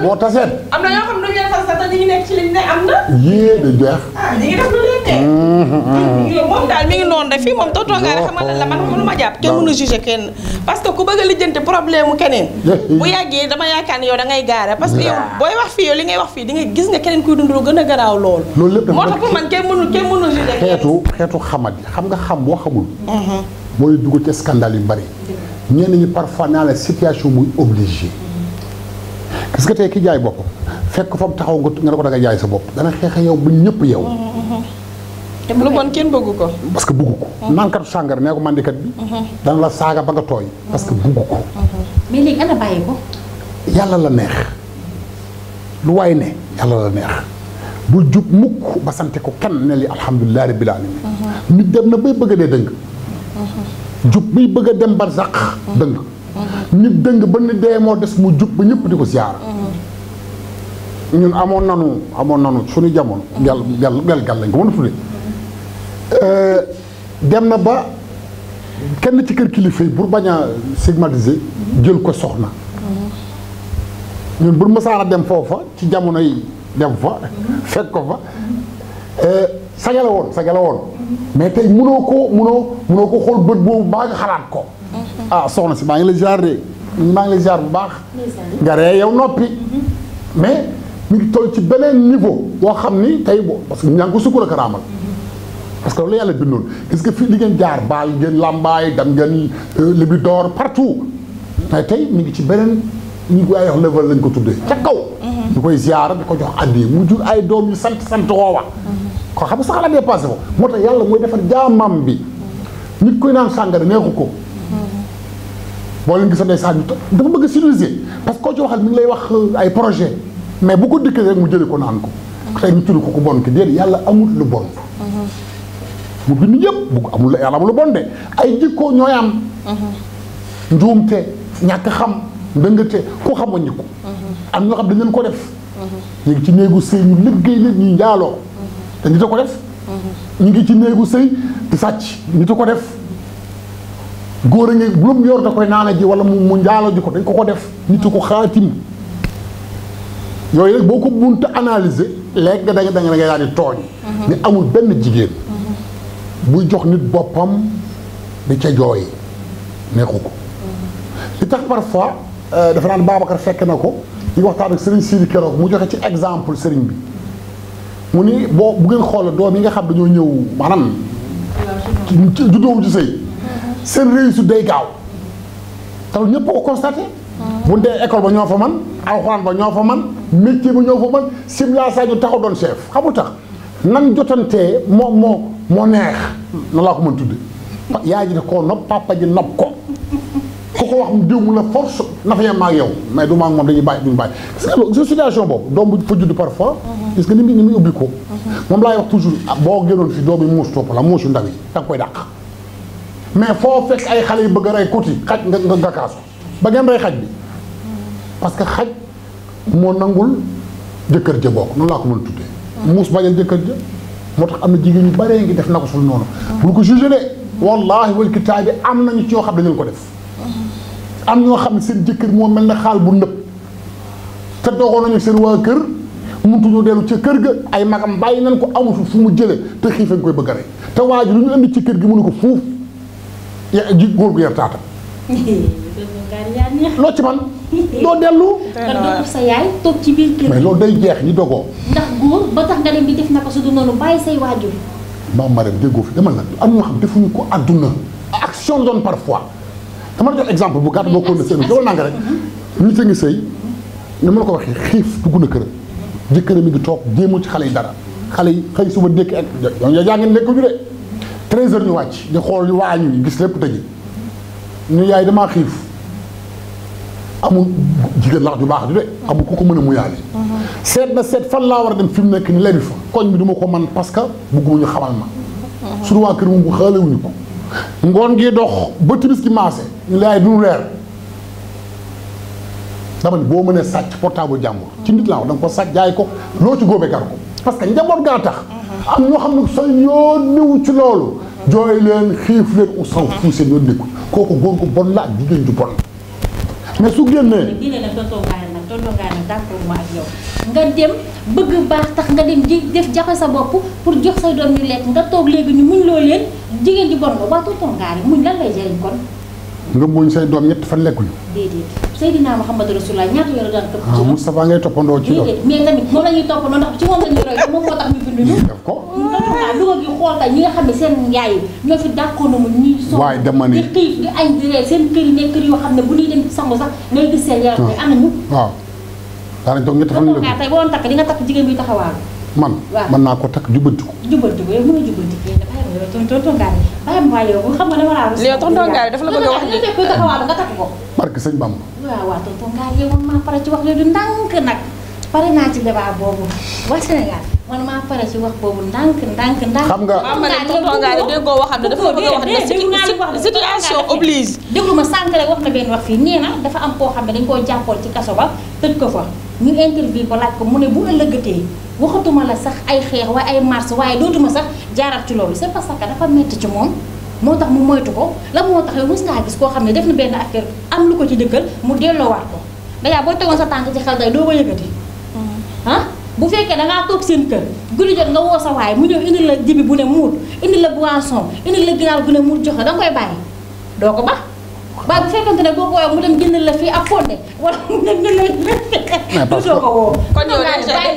Speaker 2: boo ah? tasee.
Speaker 3: am na ñoo xam ne duñ la te ñu ngi nekk ci liñ ne am na.
Speaker 2: yéen a jeex.
Speaker 3: ah ñu ngi def lu leen tee.
Speaker 2: Mm-hmm.
Speaker 3: moom daal mi ngi noonu rek fii moom tonton Gara xamal la man mënu ma jàpp kenn mënu jugé kenn. parce que ku bëgg a lijjanti problème mu keneen. bu yàggee dama yaakaar ne yow da ngay gaara parce que yow booy wax fii yow li ngay wax fii di nga gis nga keneen kuy dund lu gën a garaaw lool.
Speaker 2: loolu lépp moo tax
Speaker 3: pour man kenn mënu kenn mënu jugé.
Speaker 2: xeetu xeetu xamat xam nga xam boo xamul. Mm-hmm. mooy dugg ci scandale yu bari ñenn ñi parfois naa la situation muy obligé gis nga tey ki jaay boppam fekk fa mu taxaw nga ne ko danga jaay sa bopp dana xeex yow bu ñëpp yow.
Speaker 3: te lu kenn bëggu ko.
Speaker 2: parce que bëggu ko. naankatu sàngara nee ko mandikat bi. dana la saaga ba nga tooy. parce que bëggu yàlla la neex lu waay ne yàlla la neex bul jub mukk basante sante ko kenn ne li alhamdulilah rabbil alamin nit dem na bay bëgg a dee dëng. jub buy bëgg a dem barsàq dëng nit dëng ba ni dee moo des mu jub ba ñëpp di ko siyaar ñun amoon nanu amoon nanu suñu jamono gàll gàll gàll gàll lañ ko mën a tudde euh, dem na ba kenn ci kër kilifa yi pour bañ a stigmatiser jël ko soxna ñun bu mësaan a dem foofa ci jamono yi dem fa fekk ko fa euh, sagale woon sagale mais tey mënoo ko mënoo mënoo ko xool bët boobu baa nga xalaat ko. Mhm. ah soxna si maa ngi lay ziar de maa ngi la ziar bu baax.
Speaker 4: nga ree yow noppi.
Speaker 2: Mhm. mais mi ngi toll ci beneen niveau boo xam ni tey boo parce que ñaa ngi ko sukkur ak mhm. parce que loolu yàlla bindoon gis nga fii li ngeen jaar baal ngeen làmbaay dem ngeen euh, libidoor partout mais tey mi ngi ci beneen ñu koy wax level lañ ko tuddee ca kaw. ñu koy ziar ko jox addi mu jur ay doom yu sant sant woowa. ko xam sax la dépassé ko moo tax yàlla mooy defar jaamam bi nit koy naan sàngara neexu ko boo leen gis day sànni dafa bëgg si civiliser parce que koo ci waxal mi ngi lay wax euh, ay mais bu ko dikkee mu jëlee ko naan ko tey ñu tudd ko ku bon ki déedéet yàlla amul lu bon mu bind ñëpp bu amul yàlla amul lu bon de ay jikko ñooy am njuumte ñàkk xam ndëngate koo xam waññi ko am ñoo xam dañ leen ko def ñu ngi ci néegu sëy ñu liggéey nit ñuy njaaloo te nit a ko def. ñu ngi ci néegu sëy di sàcc nit a ko def. góor a ngi lu mu yor da koy naana ji wala mu njaalo ji ko dañ ko ko def nit ko xaatim yooyu rek boo ko munta analyser léegi da nga da nga daal di tooñ. ni amul benn jigéen. buy jox nit boppam di ca jooy nekku ko. li tax parfois euh, dafa naan Babacar fekk na ko di waxtaan ak Serigne Sidi keroog mu joxe ci exemple Serigne bi. mu ni boo bu ngeen xoola doom yi nga xam dañoo ñëw maanaam juddoowu ci sëy seen réussite day gaaw te ñëpp ko constaté bu dee école ba ñoo fa man alxuraan ba ñoo fa man métier ba ñoo fa man simla saa ñu taxaw doon chef xamul tax nan jotantee moo moo moo neex na laa ko mën tudde yaay ji def koo nopp papa ji nopp ko ko wax diw mu la force na fa yem yow mais du maag moom dañuy bàyyi duñu bàyyi gis nga boobu doom bu fa judd parfois mhm. gis nga ni mu ni muy ubbi ko mhm. moom laay wax toujours ah, boo génnoon fi doom yi muus topp la muusu ndaw yi da nga koy dàq mais foo fekk ay xale yu bëgg a xaj nga nga kaasu ba ngeen rey xaj bi mhm. parce que xaj moo nangul jëkkër ja bokk noonu laa ko mën a tuddee jëkkër moo tax am na jigéen ñu baree ngi def na ko sul noonu bul ko jugé de wallaahi wal kitaabi am nañu ci yoo xam ne dañu ko def am ñoo xam ne seen jëkkër moo mel na xaal bu nëb te doxoon nañu seen waa kër mëntuñu dellu ca kër ga ay magam bàyyi nañ ko amutu fu mu jëlee te xiif nga koy bëgg a rey te waa ji lu ñu indi ci kër gi mënu ko fuuf ya góor gu yar taata.
Speaker 1: loo ci man doo dellu. doo sa yaay ci biir kër mais
Speaker 2: day jeex ñi dogoo.
Speaker 1: ndax ba tax nga dem bi def na ko su du noonu bàyyi say waajur.
Speaker 2: maam Marème déggoo fi demal nag am ñoo xam defuñu ko àdduna action doon parfois. dama la jox exemple bu gàtt boo ko seen dawal naa nga rek ñu sa ngi sëy ni ma la ko waxee xiif dugg na kër jëkkëram mi ngi toog jéemul ci xale yi dara xale yi xëy suba ndékki ak yow yaa ngeen lekk ñu de 13 heures ñu wàcc di xool yu waa ñu gis lépp tëj ñu yaay damaa xiif amul jigéen lax ju baax di de amul ku ko mën a muyaale seet na seet fan laa war a dem fi mu nekk ni lebi fa koñ bi du ma ko man parce que bugguma ñu xamal ma suñu waa kër moom bu xaalewuñu ko ngoon gi dox ba timis gi maase ñu laay duñu reer dama ni boo mënee sàcc portable jàmbur ci nit laa wax da ko sàcc jaay ko loo ci góobee gar ko parce que njaboot gaa tax am ñoo xam ne sooy yoon niw ci loolu jooy leen xiif leen u saw fu seen yoon kooku góor gu bon la ak jigéen ju bon mais su génnee
Speaker 1: tolloo ngaa ne d'accord ma ak yow nga dem bëgg baax tax nga dem ji def jaxe sa bopp pour jox sa doom ñu lekk nga toog léegi ñu muñ loo leen jigéen ji bon nga waa tonton Ngari muñ lan lay jëriñ kon
Speaker 2: nga muñ say doom ñett fan lekkuñu.
Speaker 1: déedéet Seydina Mouhamadou Rasulullah ñaata yore daan topp ci. ah
Speaker 2: Moustapha ngay toppandoo ci loolu.
Speaker 1: moom la tax mu gis seen yaram. Ah. waaw am nañu.
Speaker 2: waaw daanañ toog ñett fan lekkuñu. waaw
Speaker 1: tey boo doon takk takk jigéen bi taxawaaru.
Speaker 2: man mën naa ko takk jubbanti ko.
Speaker 1: jubbanti tonton Gare bala mu waayee ko xam nga dama laa. yow tonton Gare dafa la bëgg a wax nii tonton Gare nga takk ko.
Speaker 2: barke sëñ Bamba.
Speaker 1: waaw waaw tonton Gare yow man maa pare ci Sénégal xam nga waaw ma ne tonton Gare déggoo waxam ne dafa bëgg a wax ne rek wax na benn wax fii nee na dafa am koo xam ne dañ koo jàppoon ci kaso ba tëj ko fa ñu interview ko laaj ko mu ne bu ëllëgatee waxatuma la sax ay xeex waaye ay mars waaye dootuma sax jaaral ci loolu c'est parce que dafa métti ci moom moo tax mu moytu ko la moo tax yow mos ngaa gis koo xam ne def na benn affaire am lu ko ci dëkkal mu delloowaat ko dayaa boo tegoon sa tànk ci xel day doo ko yëkkati
Speaker 4: mm-hmm.
Speaker 1: ah bu fekkee dangaa toog seen kër guddi jot nga woo sa waay mu ñëw indi la jibi bu ne muut indi la boisson indi la ginaar bu ne muut joxe danga koy bàyyi doo ko ba waaw bu fekkente ne boo ko woowee mu dem jëndal la fii ak fonde wala mu dem jëndal la doo ko woo. kon yow déjà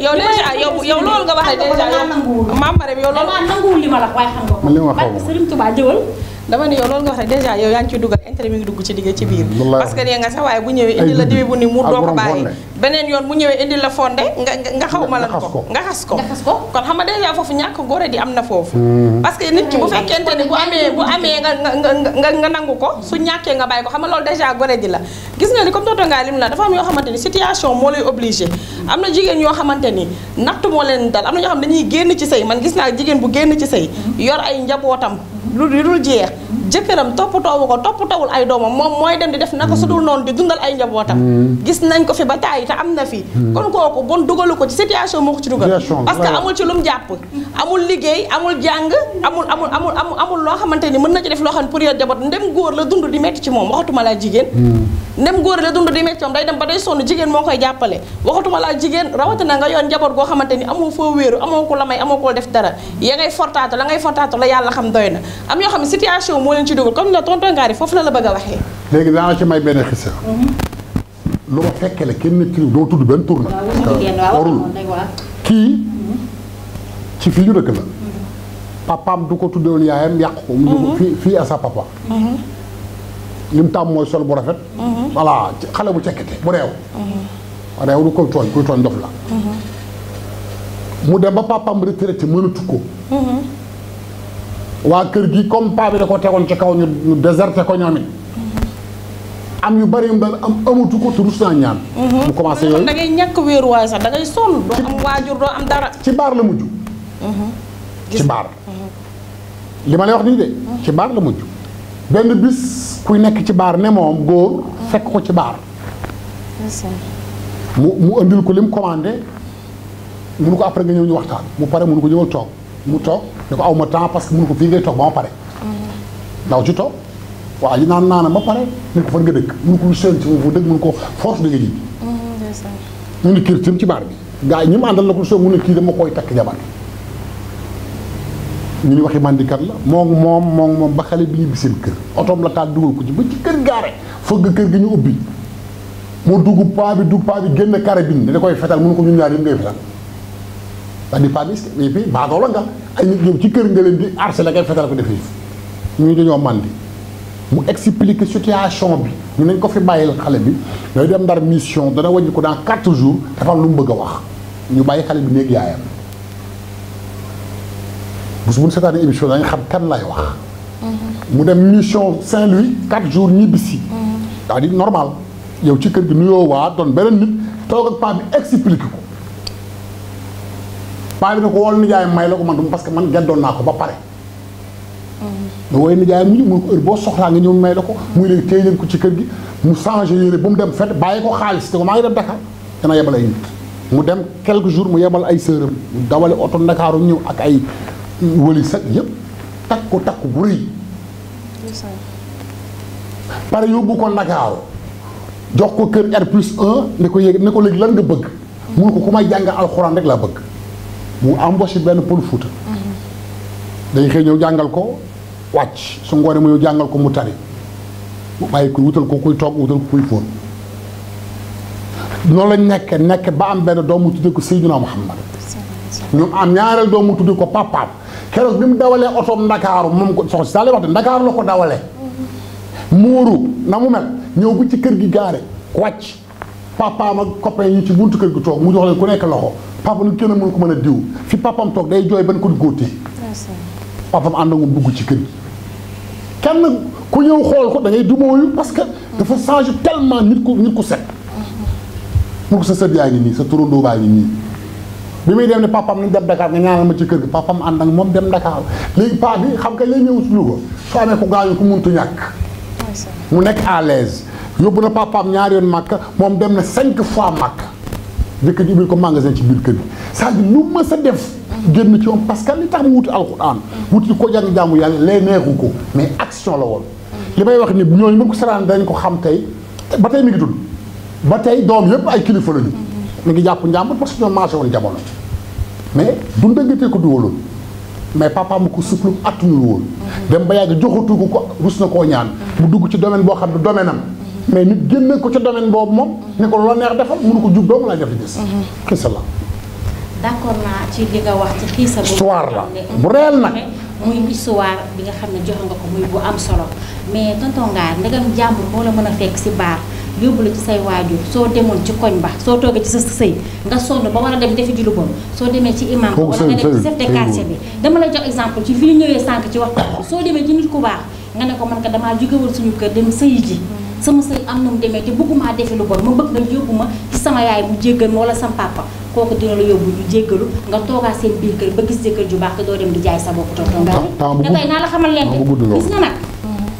Speaker 1: yow déjà yow yow loolu nga wax déjà yow.
Speaker 3: maam Marème yow loolu. damaa nanguwul li ma la
Speaker 1: waaye xam nga ko. man li
Speaker 2: ma xaw ma
Speaker 3: Serigne Touba jëwal dama ne yow loolu nga wax rek dèjà yow yaa ngi ciy dugal intérêt mi ngi dugg ci digg ci biir parce que nee nga sax waaye bu ñëwee indi la dibi bu ni mu doo ko bàyyi beneen yoon bu ñëwee indi la fondé nga xaw ma lan ko nga xas ko kon xam nga foofu ñàkk góore am na foofu mm-hmm. parce que nit ki bu fekkente ni bu amee bu amee nga nga nga nangu ko su ñàkkee nga bàyyi ko xam nga loolu dèjà góore di la gis nga ni comme toto ngaa lim la dafa am yoo xamante ni situation moo lay obligé am na jigéen yoo xamante ni natt moo leen dal am na ñoo xam dañuy génn ci sëy man gis naa jigéen bu génn ci mm-hmm. yor ay njabootam lu dul jeex jëkkëram toppatoowu ko toppatoowul ay doomam moom mooy dem di def naka su dul noonu di dundal ay njabootam mm. gis nañ ko fi ba taay te am na fi mm. kon kooku bon dugalu ko ci situation moo ko ci dugal parce que amul ci lu mu jàpp amul liggéey amul jàng amul amul amul amul amul loo xamante ni mën na ci def loo xam ne pour yor njaboot ndem góor la dund di metti ci moom waxatuma laa jigéen mm. ndem góor la dund di metti ci moom day dem ba day sonn jigéen moo koy jàppale waxatuma laa jigéen rawatina nga yoon njaboot goo xamante ni amoo foo wéeru amoo ko la def dara ya ngay la ngay fortaatu la yàlla xam doy na am ñoo xam ne situation moo leen ci dugal comme na tonton Ngari foofu la la bëgg a waxee.
Speaker 2: léegi daa ci may benn xisa.
Speaker 1: Mhm.
Speaker 2: lu ma fekkee la kenn kii doo tudd benn tour na.
Speaker 1: kii mhm. ci fii ñu dëkk la. Mhm.
Speaker 2: papaam du ko tuddoon yaayam yàq ko. fii fii à sa papa. li tàmm mooy sol bu rafet. voilà xale bu cekkete bu réew. réew du koy tooñ kuy tooñ dof la. mu dem ba papaam retraité mënatu ko. waa kër gi comme paa bi da ko tegoon ci kaw ñu ñu déserté ko ñoom it am yu bari yu am amatu ko te rus naa ñaan. mu mhm. commencé yooyu nag
Speaker 3: ngay ñàkk wéeruwaay sax da ngay sonn waajur doo
Speaker 2: am dara. ci baar la mujj.
Speaker 3: Mhm.
Speaker 2: ci baar. Mhm. li ma lay wax nii de. ci baar la mujj. benn bis kuy nekk ci baar ne moom góor fekk ko ci baar. mu mu andil ko lim commandé munu ko après nga ñëw ñu waxtaan mu pare munu ko ñëwal toog mu toog. ne ko aw ma temps parce que mun ko fii ngay toog ba ma pare. ndaw ci toog waaw ñu naan naana ba pare mun ko fan nga dëkk mun ko lu seen ci foofu dëkk mun ko force nga ji. mu ne kër ci baar bi. gars yi ñu mu àndal ko soo ne kii dama koy takk jabar ñu ni waxi mandikat la moom moom moom moom ba xale bi ñibbi seen kër otoom la taal dugal ko ci ba ci kër gaare fëgg kër gi ñu ubbi mu dugg paa bi dugg paa bi génn carabine da koy fetal mun ko ñun ñaar yëpp ngay fetal. c'est-à-dire pas risque et puis ci kër nga leen di la ngay fetal ko def yi ñu dañoo màndi mu expliquer situation bi ñu ne ko fi bàyyil xale bi day dem ndar mission dana wàññi ko dans quatre jours dafa lu mu bëgg a wax ñu bàyyi xale bi néeg yaayam bés bu ñu seetaanee émission dañ xam kan lay wax mm-hmm. mu dem mission Saint-Louis quatre jours ñibbisi cest mm-hmm. di normal yow ci kër gi nuyoo waa doon beneen nit toog ak paa bi expliqué ko paa bi ne ko wool nijaayam may la ko man dum parce que man geddoon naa ko ba pare nga wooye nijaayam mun ko heure boo soxlaa nga ñëw may la ko muy léegi téy leen ko ci kër gi mu changé yére bu mu dem fet bàyyi ko xaalis te ko maa ngi dem Dakar dana yebal ay nit mu dem quelque jours mu yebal ay sëram mu dawale oto ndakaaru ñëw ak ay wëli sag yëpp takk ko takk bu rëy pare yóbbu ko ndakaaru jox ko kër R plus 1 ne ko yéeg ne ko léegi lan nga bëgg mun ko ku may jàng alxuraan rek laa bëgg mu embauché benn pël Fuuta dañ xëy ñëw jàngal ko wàcc su ngoonee mu ñëw jàngal ko mu tari bàyyi ko wutal ko kuy toog wutal ko kuy fóon noonu lañ nekk nekk ba am benn doomu tudde ko xam Muhammad ñoom am ñaareel doomu tudde ko papaam keroog bi mu dawalee otoom ndakaaru moom ko sox si daal wax de ndakaaru la ko dawalee muuru na mu mel ñëw bu ci kër gi gaare wàcc papaam ak copain yi ci buntu kër gi toog mu jox leen ku nekk loxo papa nag kenn mënu ko mën a diw fi papaam toog day jooy ban ko góote papaam ànd ak dugg ci kër gi kenn ku ñëw xool ko da ngay parce que dafa changé tellement nit ku nit ku set mu ko sa sët yaa ngi nii sa turandoo baa ngi nii bi muy dem ne papaam nañ dem Dakar nga ñaanal ma ci kër gi papaam ànd ak moom dem Dakar léegi paa bi xam nga lay ñëw si ko soo amee ko gaañu ku muntu ñàkk mu nekk à l'aise yóbbu na papaam ñaari yoon màkk moom dem na cinq fois màkk jëkkër ji ubbil ko magasin ci biir kër gi c'est-à-dire lu mës a def génn ci moom parce que li tax mu wuti alxuraan wuti ko jàng jaamu yàlla lee neexu ko mais action la woon li may wax ni ñooñu mën ko saraan dañ ko xam tey ba tey mi ngi ba tey doom yëpp ay kilifa lañu ngi jàpp njàmbur parce que ñoom marché woon jamono mais dundagate ko duwaloon mais papa mu ko suuf lu attuñu woon dem ba yàgg joxatu ko ko rus na koo ñaan mu dugg ci domaine boo xam ne domaine am mais nit génne ko ca domaine boobu moom. ne ko loo neex defal mënu ko jub doomu laa def gis. Mhm. xiisa la.
Speaker 1: d'accord naa ci li nga wax ci xiisa. histoire la bu réel nag. muy histoire bi nga xam ne joxe nga ko muy bu am solo mais tonton Ngaar ndegam jàmbur moo la mën a fekk si baar yóbbu la ci say soo demoon ci koñ ba soo toogee ci sa sëy nga sonn ba war a dem defi ji lu soo demee ci imam ba wala nga dem ci chef de quartier ci fi ñu ñëwee ci waxtaan bi soo demee ci nit ku baax nga ne ko man ko damaa jógewoon suñu kër dem sëy ji sama sëy am na mu demee te bëgguma defe lu bon ma bëgg nga yóbbu ma ci sama yaay mu jéggal ma wala sama papa kooku dina la yóbbu ñu jéggalu nga toogaa seen biir kër ba gis jëkkër ju baax te doo dem di jaay sa bopp toog toog. temps bu gudd temps bu gudd loolu gis nga nag.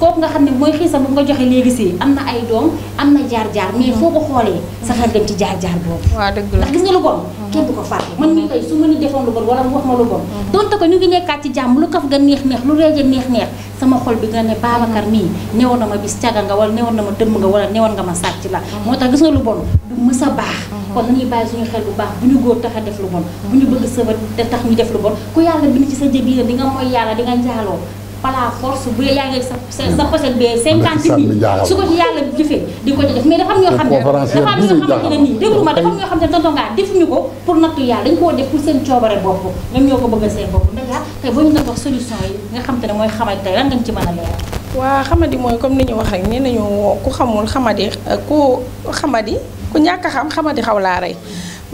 Speaker 1: kooku nga xam ne mooy xiisa bu nga joxe léegi si am na ay doom am na jaar-jaar mais foo ko xoolee sa xel dem ci jaar-jaar boobu waaw dëgg la ndax gis nga lu bon mhm. kenn ko fàtte man mii tey su ma ni defoon lu bon wala mu wax ma lu bon mhm. donte ko ñu ngi nekkaat ci jàmm lu kaf ga neex neex lu reeje neex neex sama xol bi na ma bis caga nga wala newoon na ma dëmm sàcc la mhm. moo tax gis nga lu bon du mës a baax kon nañuy bàyyi suñu xel bu baax bu ñu góor tax def lu bon bu ñu bëgg sëba tax ñu def lu bon ku yàlla bind ci sa jëbiira di nga mooy yàlla di nga njaaloo par la force bu dee yaa ngi sa sa pochette bi cinquante su ko ci yàlla jëfee di ko ci def mais dafa am ñoo xam ne dafa am ñoo xamante ne nii déglu ma dafa am ñoo xam ne tontongaa defuñu ko pour nattu dañ koo def pour seen coobare bopp ñoom ñoo ko bëgg seen bopp ndax tey boo ñu doon wax solution yi nga xam te ne mooy xamal tey lan dañ ci mën a leeral
Speaker 3: waa xamadi mooy comme ni ñu wax rek nee nañu ku xamul xamadi ku xamadi ku ñàkk xam xamadi xaw laa rey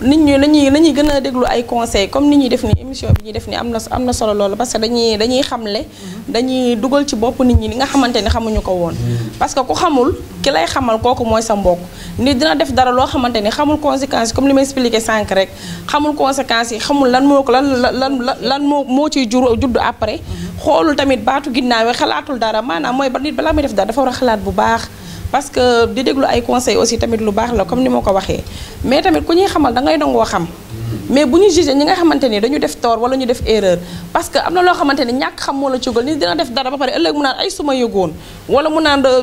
Speaker 3: nit ñi nañuy nañuy gën a déglu ay conseils comme nit ñuy def ni émission bi ñuy def ni am na am na solo loolu parce que dañuy dañuy xamle mhm. dañuy dugal ci bopp nit ñi li nga xamante ni xamuñu ko woon mhm. parce que ku xamul ki lay xamal kooku mooy sa mbokk nit dina def dara loo xamante ni xamul conséquences yi comme li ma expliqué sànq rek xamul conséquences yi xamul lan moo ko lan lan lan moo moo ciy jur judd après mhm. xoolu tamit baatu ginnaaw xalaatul dara maanaam mooy ba nit balaa muy def dara dafa xalaat bu baax parce que di déglu ay conseil aussi tamit lu baax la comme ni ma ko waxee mais tamit ku ñuy xamal da ngay dangoo xam mais bu ñu jugé ñi nga xamante ni dañu def tort wala ñu def erreur parce que am na loo xamante ni ñàkk xam moo la cugal ni dina def dara ba pare ëllëg mu naan ay suma yëgoon wala mu naan euh,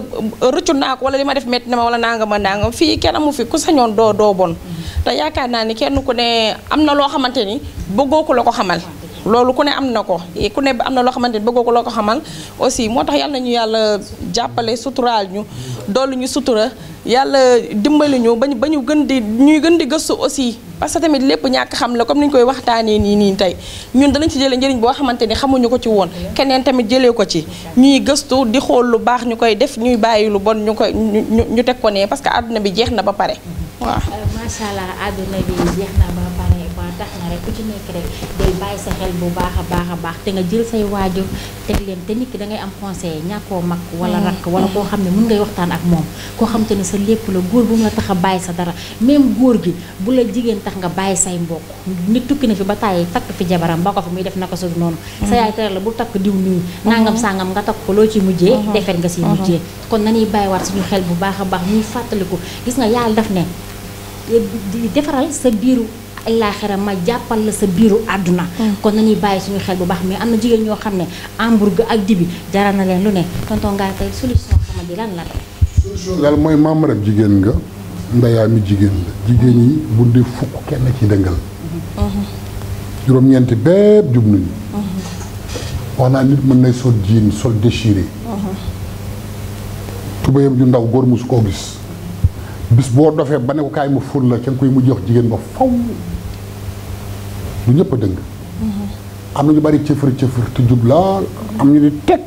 Speaker 3: rëccu naa ko wala li ma def metti na ma wala nanga ma nanga fii kenn amu fi ku sañoon doo doo bon te yaakaar naa ni kenn ku ne am na loo xamante ni bëggoo ko la ko xamal loolu ku ne am na ko ku ne am na loo xamante ni bëggoo ko loo ko xamal aussi moo tax yàlla nañu yàlla jàppale suturaal ñu dollu ñu sutura yàlla dimbali ñu ba ba ñu gën di ñuy gën di gëstu aussi parce que tamit lépp ñàkk xam la comme ni ñu koy waxtaanee nii nii tey ñun danañ ci jëlee njëriñ boo xamante ni xamuñu ko ci woon keneen tamit jëlee ko ci ñuy gëstu di xool lu baax ñu koy def ñuy bàyyi lu bon ñu koy ñu ñu teg ko nee parce que àdduna bi jeex na ba pare waaw euh,
Speaker 1: macha allah àdduna tax na rek ku ci nekk rek day bàyyi sa xel bu baax a baax a baax te nga jël say waajur te leen te nit ki da am conseil ñàkkoo mag wala mm. rakk wala koo xam ne mën ngay waxtaan ak moom koo xam te ne sa lépp la góor bu mu la tax a bàyyi sa dara même góor gi bu la jigéen tax nga bàyyi say mbokk nit tukki na fi ba tàyyi takk fi jabaram ba ko fi muy def naka su noonu mm. sa yaay tere la bu takk diw nii mm-hmm. nangam sangam nga takk ko loo ci mujjee mm-hmm. defet nga si mm-hmm. mujjee kon nañuy bàyyiwaat suñu xel bu baax a baax ñuy fàttaliku gis nga yàlla daf ne defaral sa biiru àllaaxira ma jàppal la sa biiru àdduna mm. kon nañuy bàyyi suñu xel bu baax mais am na jigéen ñoo xam ne hamburger ak dibi dara na leen lu ne tonton Ngaye tey solution la
Speaker 2: solution daal mooy maamaram jigéen nga ndayaa mi jigéen la yi bu dee fukk kenn ci dëngal
Speaker 4: mm-hmm.
Speaker 2: mm-hmm. naa nit mën nay sol jiin sol déchiré mm-hmm. tubayam ju ndaw góor mosu koo gis bis boo dofee ba ne ko kaay mu ful la kenn nga koy mujj wax jigéen ba faw du ñëpp a dëng
Speaker 4: mm-hmm.
Speaker 2: am na ñu bari cëfër cëfër te jub lool am ñu ni teg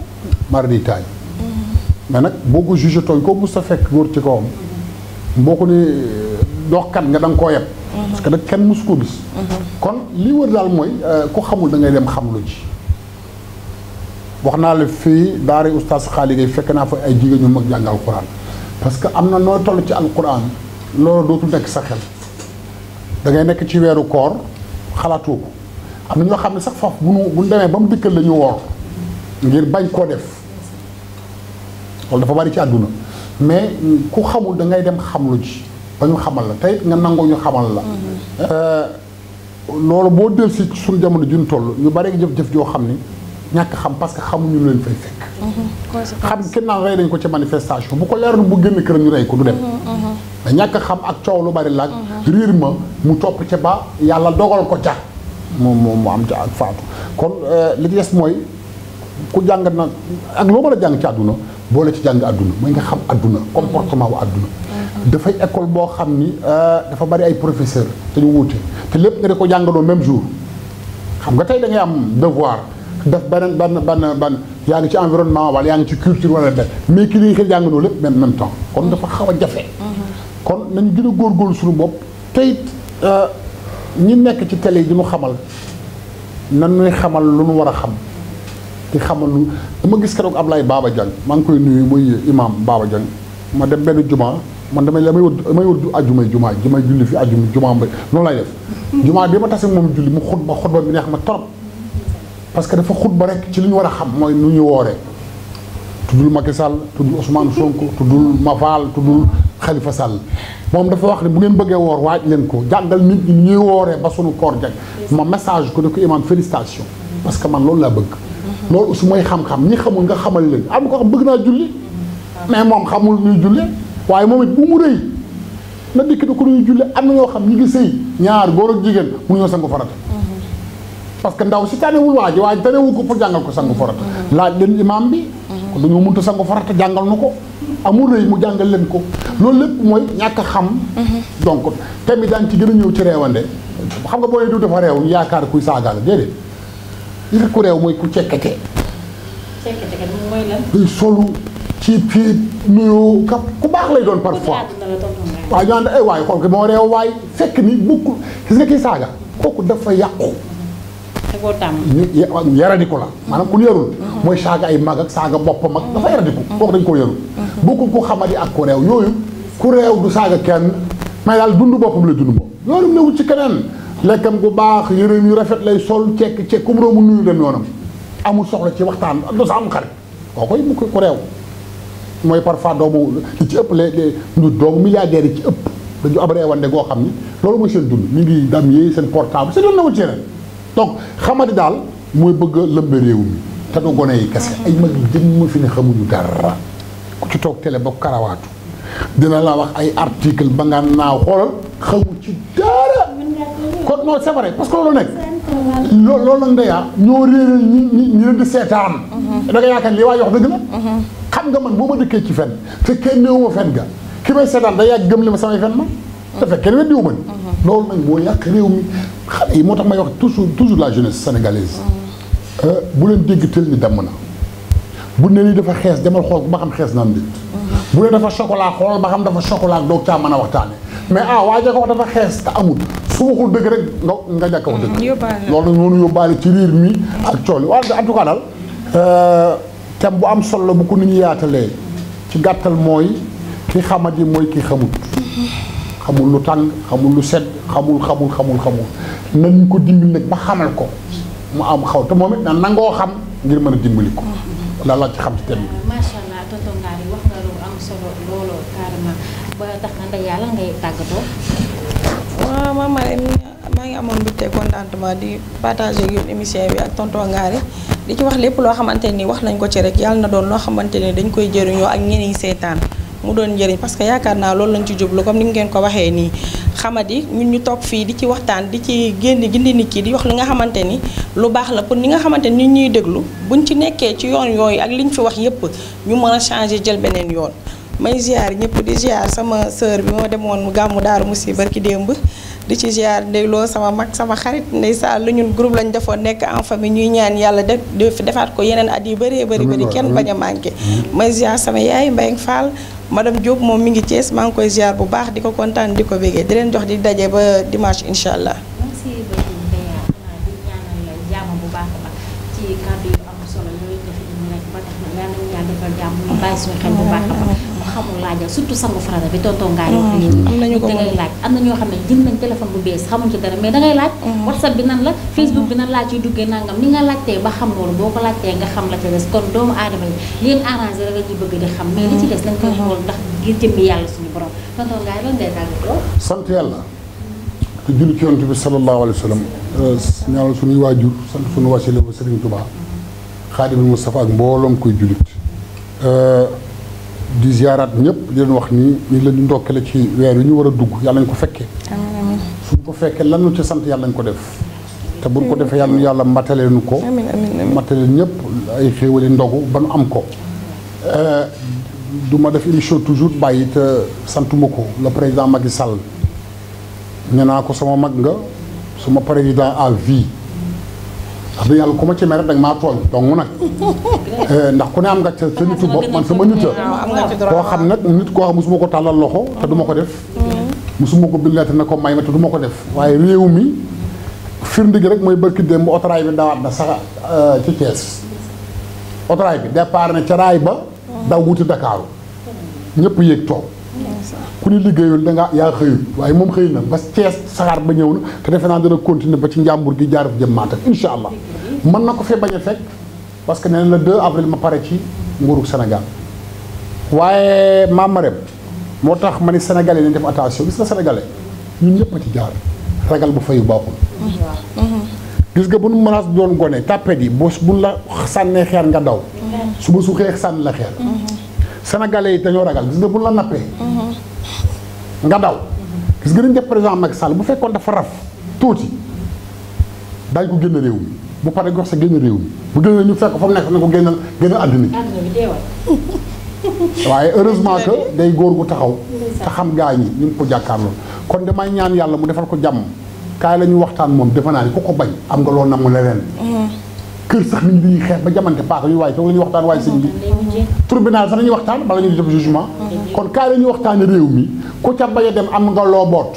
Speaker 2: mara di mm-hmm. mais nag boo ko jugé tooñ ko mus a fekk góor ci kawam boo ko ne euh, doxkat nga da nga koo yeb mm-hmm. parce que nag kenn mosu koo gis kon li wër daal mooy euh, ku xamul dangay dem xam lu ji wax naa la fii daara oustaz xaali ngay fekk naa fa ay jigéen ñu mag jàng alxuraan parce que am na noo toll ci alquran loolu dootul nekk sa xel da ngay nekk ci weeru koor xalaatoo ko am na ñoo xam ne sax foofu bu nu demee ba mu dikkal la ñu woor ngir bañ koo def loolu dafa bari ci àdduna mais ku xamul da ngay dem xamlu ji ba ñu xamal la tey nga nangoo ñu xamal la. Mm-hmm. Euh, loolu boo dellusi suñu jamono juñ toll ñu bari jëf-jëf joo xam ni. ñàkk xam parce que xamuñu leen fay fekk. Mm-hmm. xam kenn naan rey dañ ko ci manifestation bu ko leeroon bu génn këram ñu rey ko du dem. da
Speaker 4: mm-hmm,
Speaker 2: mm-hmm. ñàkk xam ak coow lu bari laag. riir ma mu topp ca ba yàlla dogal ko ca. moom moom mu am ci ak faatu kon euh, li des mooy ku jàng na ak loo mën a jàng ci àdduna boole ci jàng àdduna mooy nga xam àdduna comportement wu àdduna. dafay école boo xam ni euh, dafa bari ay professeur te ñu wuute te lépp nga di ko jàngandoo même jour xam nga tey da ngay am devoir. def beneen benn benn benn yaa ngi ci environnement wala yaa ngi ci culture wala benn mais ki li nga jàng noonu lépp même même temps kon dafa xaw a jafe. kon nañ gën a góor góor suñu bopp tey it euh, ñi nekk ci télé yi mu xamal nan ñuy xamal lu nu war a xam te xamal lu dama gis keroog Ablaye Baba Diagne maa ngi koy nuyu muy imam Baba Diagne ma dem benn jumaa man damay damay wër damay wër ajumay jumaa ji may julli fi ajum jumaa mbay noonu lay def. jumaa bi ma tase moom julli mu xutba xutba bi neex ma trop. parce que dafa xutba rek ci li ñu war a xam mooy nu ñu wooree tuddul Macky Sall tuddul Ousmane Sonko tuddul Mafal tuddul Khalifa Sall moom dafa wax ne bu ngeen bëggee woor waaj leen ko jàngal nit ñuy wooree ba sunu koor jag ma message ko ne ko imam parce que man loolu laa bëgg loolu aussi mooy xam-xam xamul nga xamal leen am ko bëgg naa julli mais moom xamul ñuy julli waaye moom it bu mu rëy na dikk ko ñuy julli am na ñoo xam ñi ngi sëy ñaar góor ak jigéen mënuñoo ko farata parce que ndaw si tanewul waa ji waa ji tanewu ko pour jàngal ko sangu farata laa leen imaam bi kon dañoo mënta sangu farata jàngal na ko amul rëy mu jàngal leen ko loolu lépp mooy ñàkk xam donc tamit daan ci gën a ñëw ci reewande xam nga boo ne du dafa reew yaakaar kuy saagaal déedéet nit ku reew mooy ku cekkete
Speaker 1: cekkete
Speaker 2: solu ci piit nuyoo kap ku baax lay doon parfois waaw ñu ànd ay eh, waay xool ko moo reew waay fekk ni bukk gis nga kii saaga kooku yàqu da koo yaradiku la maanaam ku ñu yarul. mooy saaga ay mag ak saaga boppam ak dafa yaradiku. Mm-hmm. kooku dañ koo yarul. bokkul ku xamadi ak ku réew yooyu ku réew du saaga kenn mais daal dund boppam la dund moom loolu newul ci keneen lekkam gu baax yërëm yu rafet lay sol cekk cekk kum mu nuyu dem amul soxla ci waxtaan do sa am xarit kookoy ko ku mooy parfois doomu li ci ëpp les ñu doomu milliardaires yi ci ëpp dañu am réewande goo xam ni loolu mooy seen dund ñu ngi dam yee seen portable seen yoon newul ci yeneen donc xamadi daal mooy bëgg a réew mi te du gone yi kese mhm. ay mag jëmm fi ne xamuñu dara ku ci toog télé ba karawaatu dina la wax ay article ba nga naaw xoolal xamu ci dara kon non c'est vrai parce que loolu nekk loolu loolu nag dayaa ñoo réeral ñi ñi ñi leen di seetaan mhm. da nga yaakaar lii waay wax dëgg la mhm. xam nga man boo ma dëkkee ci fen te kenn néewu ma fen ga ki may seetaan da yàgg gëm ma samay fen ma te kenn weddiwu ma ni loolu nag moo yàq réew mi xale yi moo tax may wax toujours toujours la jeunesse sénégalaise mm. euh, bu leen dégg tël ni damm na bu ne lii dafa xees demal xool ba xam xees naan dit mm-hmm. bu ne dafa chocolat xool ba xam dafa chocolat doog caa mën a waxtaane mais ah waa jaka wax dafa xees te amul su waxul dëgg rek nga nga jàkk wax dëgg mm-hmm, loolu nag noonu yóbbaale ci riir mi ak cool yi waaye en tout cas daal euh, bu am solo bu ko nit ñu yaatalee ci gàttal mooy ki xamat yi mooy ki xamul lu tàng xamul lu sedd xamul xamul xamul xamul nañ ko dimbali nag ba xamal ko mu am xaw te moom it na nangoo xam ngir mën a dimbali ko mm-hmm. la la ci xam ci thème bi.
Speaker 1: macha allah tonton Ndary wax nga lu am solo tax na ndey yàlla ngay tàggatoo.
Speaker 3: waaw maman maa ngi amoon mbégte contentement di partager ak yéen bi ak tonton Ndary di ci wax lépp loo xamante ni wax nañ ko ci rek yàlla na doon loo xamante ni dañ koy jëriñoo ak ñeneen ñi seetaan. mu doon njëriñ parce que yaakaar naa loolu lañ ci jublu comme ni ngeen ko waxee nii xamadi ñun ñu toog fii di ci waxtaan di ci génn gindi nit ki di wax li nga xamante ni lu baax la pour ni nga xamante ni ñuy déglu buñ ci nekkee ci yoon yooyu ak li ñu fi wax yépp ñu mën a changer jël beneen yoon may ziar ñëpp di ziar sama sœur bi moo demoon gàmmu daaru musi ki démb di ci ziar dégloo sama mag sama xarit ndeysaan lu ñun groupe lañ defoon nekk en famille ñuy ñaan yàlla def defaat ko yeneen at yu bëree bëri bëri kenn bañ a manqué may ziar sama yaay Mbayang Fall madame Diop moom mi ngi Thiès maa ngi koy ziar bu baax di ko kontaan di ko bégee di leen jox di dajee ba dimanche incha allah
Speaker 1: bàyyi bu baax xamul laajal surtout sangu farata bi tonton ngaay wax léegi da ngay laaj am na ñoo xam ne jël nañ téléphone bu bees xamuñ ci dara mais da ngay laaj ah. whatsapp bi nan la ah. facebook bi nan laa ciy duggee nangam ni nga laajtee ba xam loolu boo ko laajtee nga xam la ca des kon doomu aadama yi leen arrangé rek la ñuy bëgg di xam mais li ci des lañ koy ah. xool ndax ngir jëmmi yàlla suñu borom tonton ngaay lan day tàggatoo
Speaker 2: sant yàlla te julli ci yonent bi sallallahu alayhi wa sallam euh, ñaanal suñuy waajur sant suñu wasila ba Sëriñ Tuubaa Xaadimul Mustafa ak mbooloom koy di ziaraat ñëpp di leen wax ni ñu leen di ci weer yu ñu war a dugg yàlla ñu ko fekkee. amiin suñ ko fekkee lan nu ci sant yàlla ñu ko def. te buñ ko defee yàlla nu yàlla mataleen ko. amiin amiin ñëpp ay xéewali ndogu ba nu am ko. Euh, du ma def émission toujours bàyyi te santuma ko le président Macky Sall nee naa ko sama mag nga suma président à vie. wax yàlla ku ma ci mere danga maa tooñ donc nag
Speaker 4: eh,
Speaker 2: ndax ku ne am nga ca sa nitu bopp man sama nit a ah, koo xam nag nit koo xam musuma ko tàllal loxo te duma ko def mm-hmm. musuma ko billante na ko may ma te duma ko def waaye réew mi firnde gi rek mooy bërki démb otoraay bi dawaat na sax eh, ci Thiès otoraay bi départ na ca raay ba mm-hmm. daw wuti ndakaaru ñëpp yéeg toog ku ne liggéeyul da nga yaa xëyul waaye moom xëy na ba Cees saxaar ba ñëw na te defe naa dana continuer ba ci njàmbur gi jaaraf jëm Matam incha allah mën na ko fee bañ a fekk parce que ne na le 2 avril ma pare ci nguurug senegal waaye maam Marème moo tax ma ni sénégalais nañ def attention gis nga sénégalais ñun ñëpp a jaar ragal bu fayu baaxul. gis nga bu nu menace doon gone tàppet yi boo bu la sànnee xeer nga daw. Mm-hmm. su ma su xeex sànni la xeer. Mm-hmm. sénégalais yi dañoo ragal gis nga bu la nappee. nga daw. gis nga dañ def président Macky Sall bu fekkoon dafa raf tuuti daañu ko génn réew mi bu paree gox sa génn réew mi bu génne ñu fekk fa mu nekk na ko génn génn àddina waaye heureusement que day góor gu taxaw. te xam gaa ñi ñu ngi ko jàkkaarloo kon damay ñaan yàlla mu defal ko jàmm kaay la ñu waxtaan moom defe naa ni ku ko bañ am nga loolu na leneen. Mm-hmm. kër sax nit ñi dañuy xeex ba jamante paaka yu waaye toog la waxtaan waaye sëñ bi tribunal sax la ñuy waxtaan bala ñuy def jugement kon kaay ñu ñuy waxtaane réew mi ku ca bañ dem am nga loo boot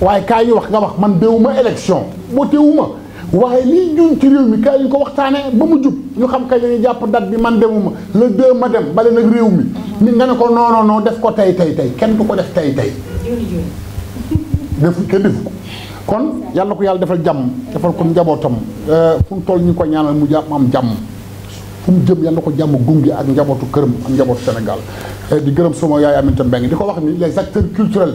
Speaker 2: waaye kaay yi wax nga wax man ma élection bootewuma waaye lii ñun ci réew mi kaay ñu ko waxtaanee ba mu jub ñu xam kañ lañuy jàpp dat bi man demuma la deux ma dem bale nag réew mi ni nga ne ko non non def ko tey tey tey kenn du ko def tey tey defu kenn defu kon yàlla ko yàlla defal jàmm defal ko njabootam euh, fu mu toll ñu ko ñaanal mu jàpp am jàmm fu mu jëm yàlla ko jàmm gunge ak njabootu këram ak njabootu Sénégal euh, di gërëm sama yaay Aminata Mbengue di ko wax ni les acteurs culturels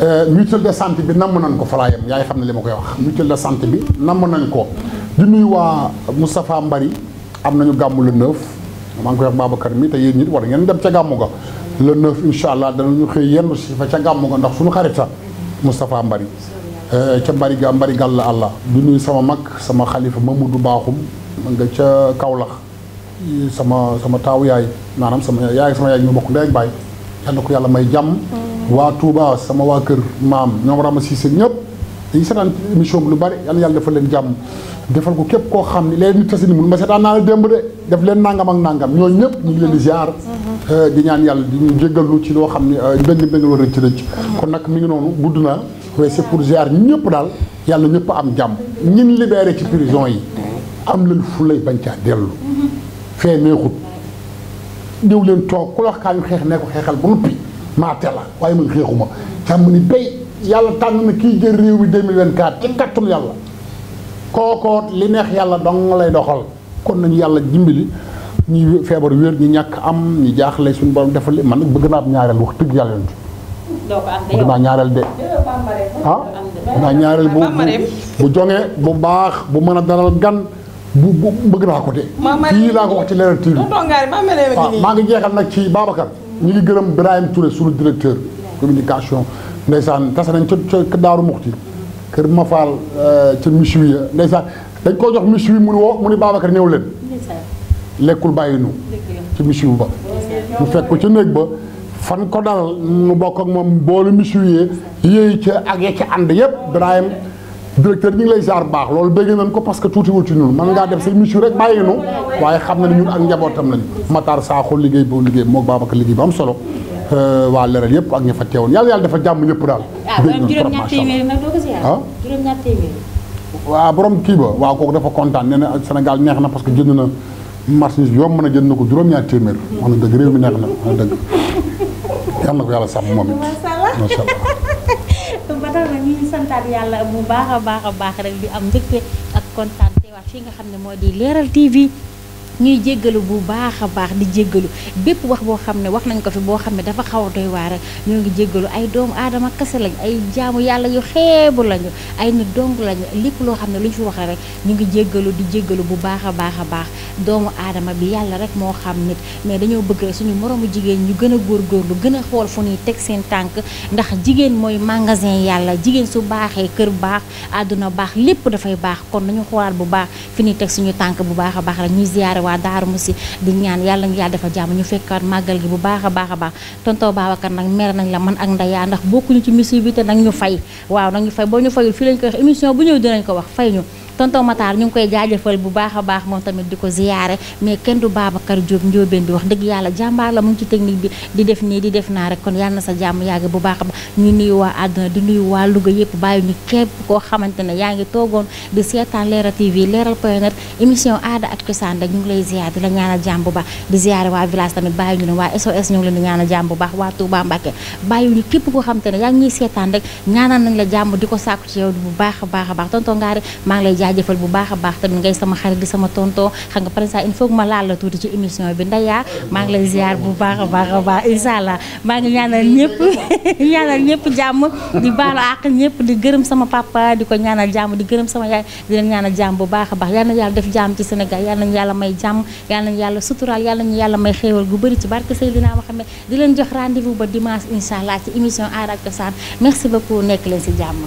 Speaker 2: euh, mutuelle de santé bi namm nañ ko falaayam yaay xam ne li ma koy wax mutuelle de santé bi namm nañ ko di nuyu waa Moustapha Mbari am nañu gàmmu le neuf maa ngi koy wax Babacar mii te yéen ñi war ngeen dem ca gàmmu ga le neuf incha allah ñu xëy yenn si fa ca gàmmu ga ndax suñu xarita Moustapha Mbari Eh, ca mbariga mbari la àlla du nuyu sama mag sama xalifa Mamadou ma nga ca Kaolack sama sama taaw yaay maanaam sama yaay ak sama yaay ñu bokk ndey ak baay yal ko yàlla may jàmm mm. waa Touba sama waa kër maam ñoom Rama Cissé ñëpp dañu seetaan émission lu bari yal na yàlla defal leen jàmm defal ko képp koo xam ne léegi nit tasi ni mun ma seetaan naa la de def leen nangam ak nangam ñooñu ñëpp ñu ngi leen di ziar mm-hmm. eh, di ñaan yàlla di ñu jéggalu ci loo xam ne eh, benn benn war rëcc rëcc mm-hmm. kon nag mi ngi noonu gudd naa waaye c'est pour ziar ñëpp daal yàlla ñëpp am jàmm ñin libéré ci prison yi am leen fu lay bañ caa dellu fee neexut ñëw leen toog ku la kaa ñu xeex ne ko xeexal ba noppi maa te la waaye man xeexuma càmm ni bay yàlla tàng na kii jël réew mi 2024 ci kàttanu yàlla kookoot li neex yàlla dong lay doxal kon nañu yàlla dimbali ñi feebar wér ñu ñàkk am ñi jaaxle suñu borom defal man nag bëgg naa am ñaareel wax dëgg yàlla
Speaker 3: doo ko ñaareel de. ah dinaa ñaareel bu
Speaker 2: bu jongee bu baax bu mën a dalal gan bu bu bëgg naa ko de. fii laa ko wax ci Leral TV ah, maa ngi jeexal nag ci Babacar. ñu ngi gërëm Birahim Touré sunu directeur. communication ndeysaan tasa nañ ca ca Daaru Muxti kër Mafal euh, ca Michou ya ndeysaan dañ koo jox Michou mu ne woo mu ne Babacar ñëw leen. lekkul bàyyi nu ci Michou ba.
Speaker 4: mu fekk ko ca néeg
Speaker 2: ba. fan ko dal nu bokk ak moom boolu misuye yéey ca ak ya ca ànd yëpp Ibrahima directeur ñu ngi lay jaar baax loolu bëgg nañ ko parce que tuutiwul ci ñun mën ngaa def say mission rek bàyyi nu waaye xam na ne ñun ak njabootam lañ Matar Sakho liggéey boobu liggéey moom Babacar liggéey bu am solo euh, waa leral yëpp ak fa teewoon yàlla yàlla dafa jàmm ñëpp daal. Ah, dégg nga ah waaw borom kii ba waaw kooku dafa kontaan nee na Sénégal neex na parce que jënd na marchandise yomb na jënd na ko juróom-ñaar téeméer. wax na dëgg réew mi neex na wax dëgg. yàlla na ko yàlla sàmm moom it.
Speaker 1: macha allah ba tax na ñu santaat yàlla bu baax a baax a baax rek di am mbégte ak kontaan teewaat fii nga xam ne moo di leeral TV. ñuy jéggalu bu baax a baax di jéggalu bépp wax boo xam ne wax nañ ko fi boo xam ne dafa xaw a doy waar ñoo ngi jéggalu ay doomu aadama kese lañ ay jaamu yàlla yu xeebu lañu ay nit dong lañu lépp loo xam ne lu ñu fi wax rek ñu ngi jéggalu di jéggalu bu baax a baax a baax doomu aadama bi yàlla rek moo xam nit mais dañoo bëgg suñu moroomu jigéen ñu gën a góorgóorlu gën a xool fu ñuy teg seen tànk ndax jigéen mooy magasin yàlla jigéen su baaxee kër baax àdduna baax lépp dafay baax kon nañu xoolaat bu baax fi ñuy teg suñu tànk bu baax a baax rek ñuy ziyaare waa Daaru Musi di ñaan yàlla ñu yàlla defal jàmm ñu fekkaat màggal gi bu baax a baax a baax tonton Babacar nag mer nañ la man ak Ndaya ndax bokkuñu ci missibilité nag ñu fay waaw nag ñu fay boo ñu fayul fii lañ koy wax émission bu ñëw dinañ ko wax fay ñu tonton Matar ñu ngi koy jaajëfal bu baax a baax moom tamit di ko ziyaare mais kenn du Babacar Diop njóobeen wax dëgg yàlla jàmbaar la mu ngi ci technique bi di def nii di def naa rek kon yàlla na sa jàmm bu baax a baax ñu nuyu waa àdduna di nuyu waa Louga yëpp xamante ne yaa ngi toogoon di seetaan Leral TV Leral point net aada ak cosaan rek ñu ngi lay ziyaare di la ñaanal jàmm bu baax di ziyaare waa village tamit bàyyi ñu ne waa SOS ñu ngi leen di ñaanal bu baax waa Touba Mbacké bàyyi ñu képp koo xamante ne yaa ngi ñuy seetaan rek ñaanal nañ la jàmm di ko sàkku ci yow bu baax a baax a baax tonton maa ngi lay jaajëfal bu baax a baax tamit ngay sama xarit di sama tonton xam nga président il faut que ma laal la tuuti ci émission bi Ndeya maa ngi lay ziar bu baax a baax a baax incha allah maa ngi ñaanal ñëpp ñëpp jàmm di baalu àq ñëpp di gërëm sama papa di ko ñaanal jàmm di gërëm sama yaay di leen ñaanal jàmm bu baax a baax yal na yàlla def jàmm ci Sénégal yal nañu yàlla may jàmm yal nañu yàlla suturaal yal nañu yàlla may xéewal gu bëri ci barke Seydina Mohamed di leen jox rendez-vous ba dimanche incha allah ci émission aar ak cosaan merci beaucoup nekk leen si jàmm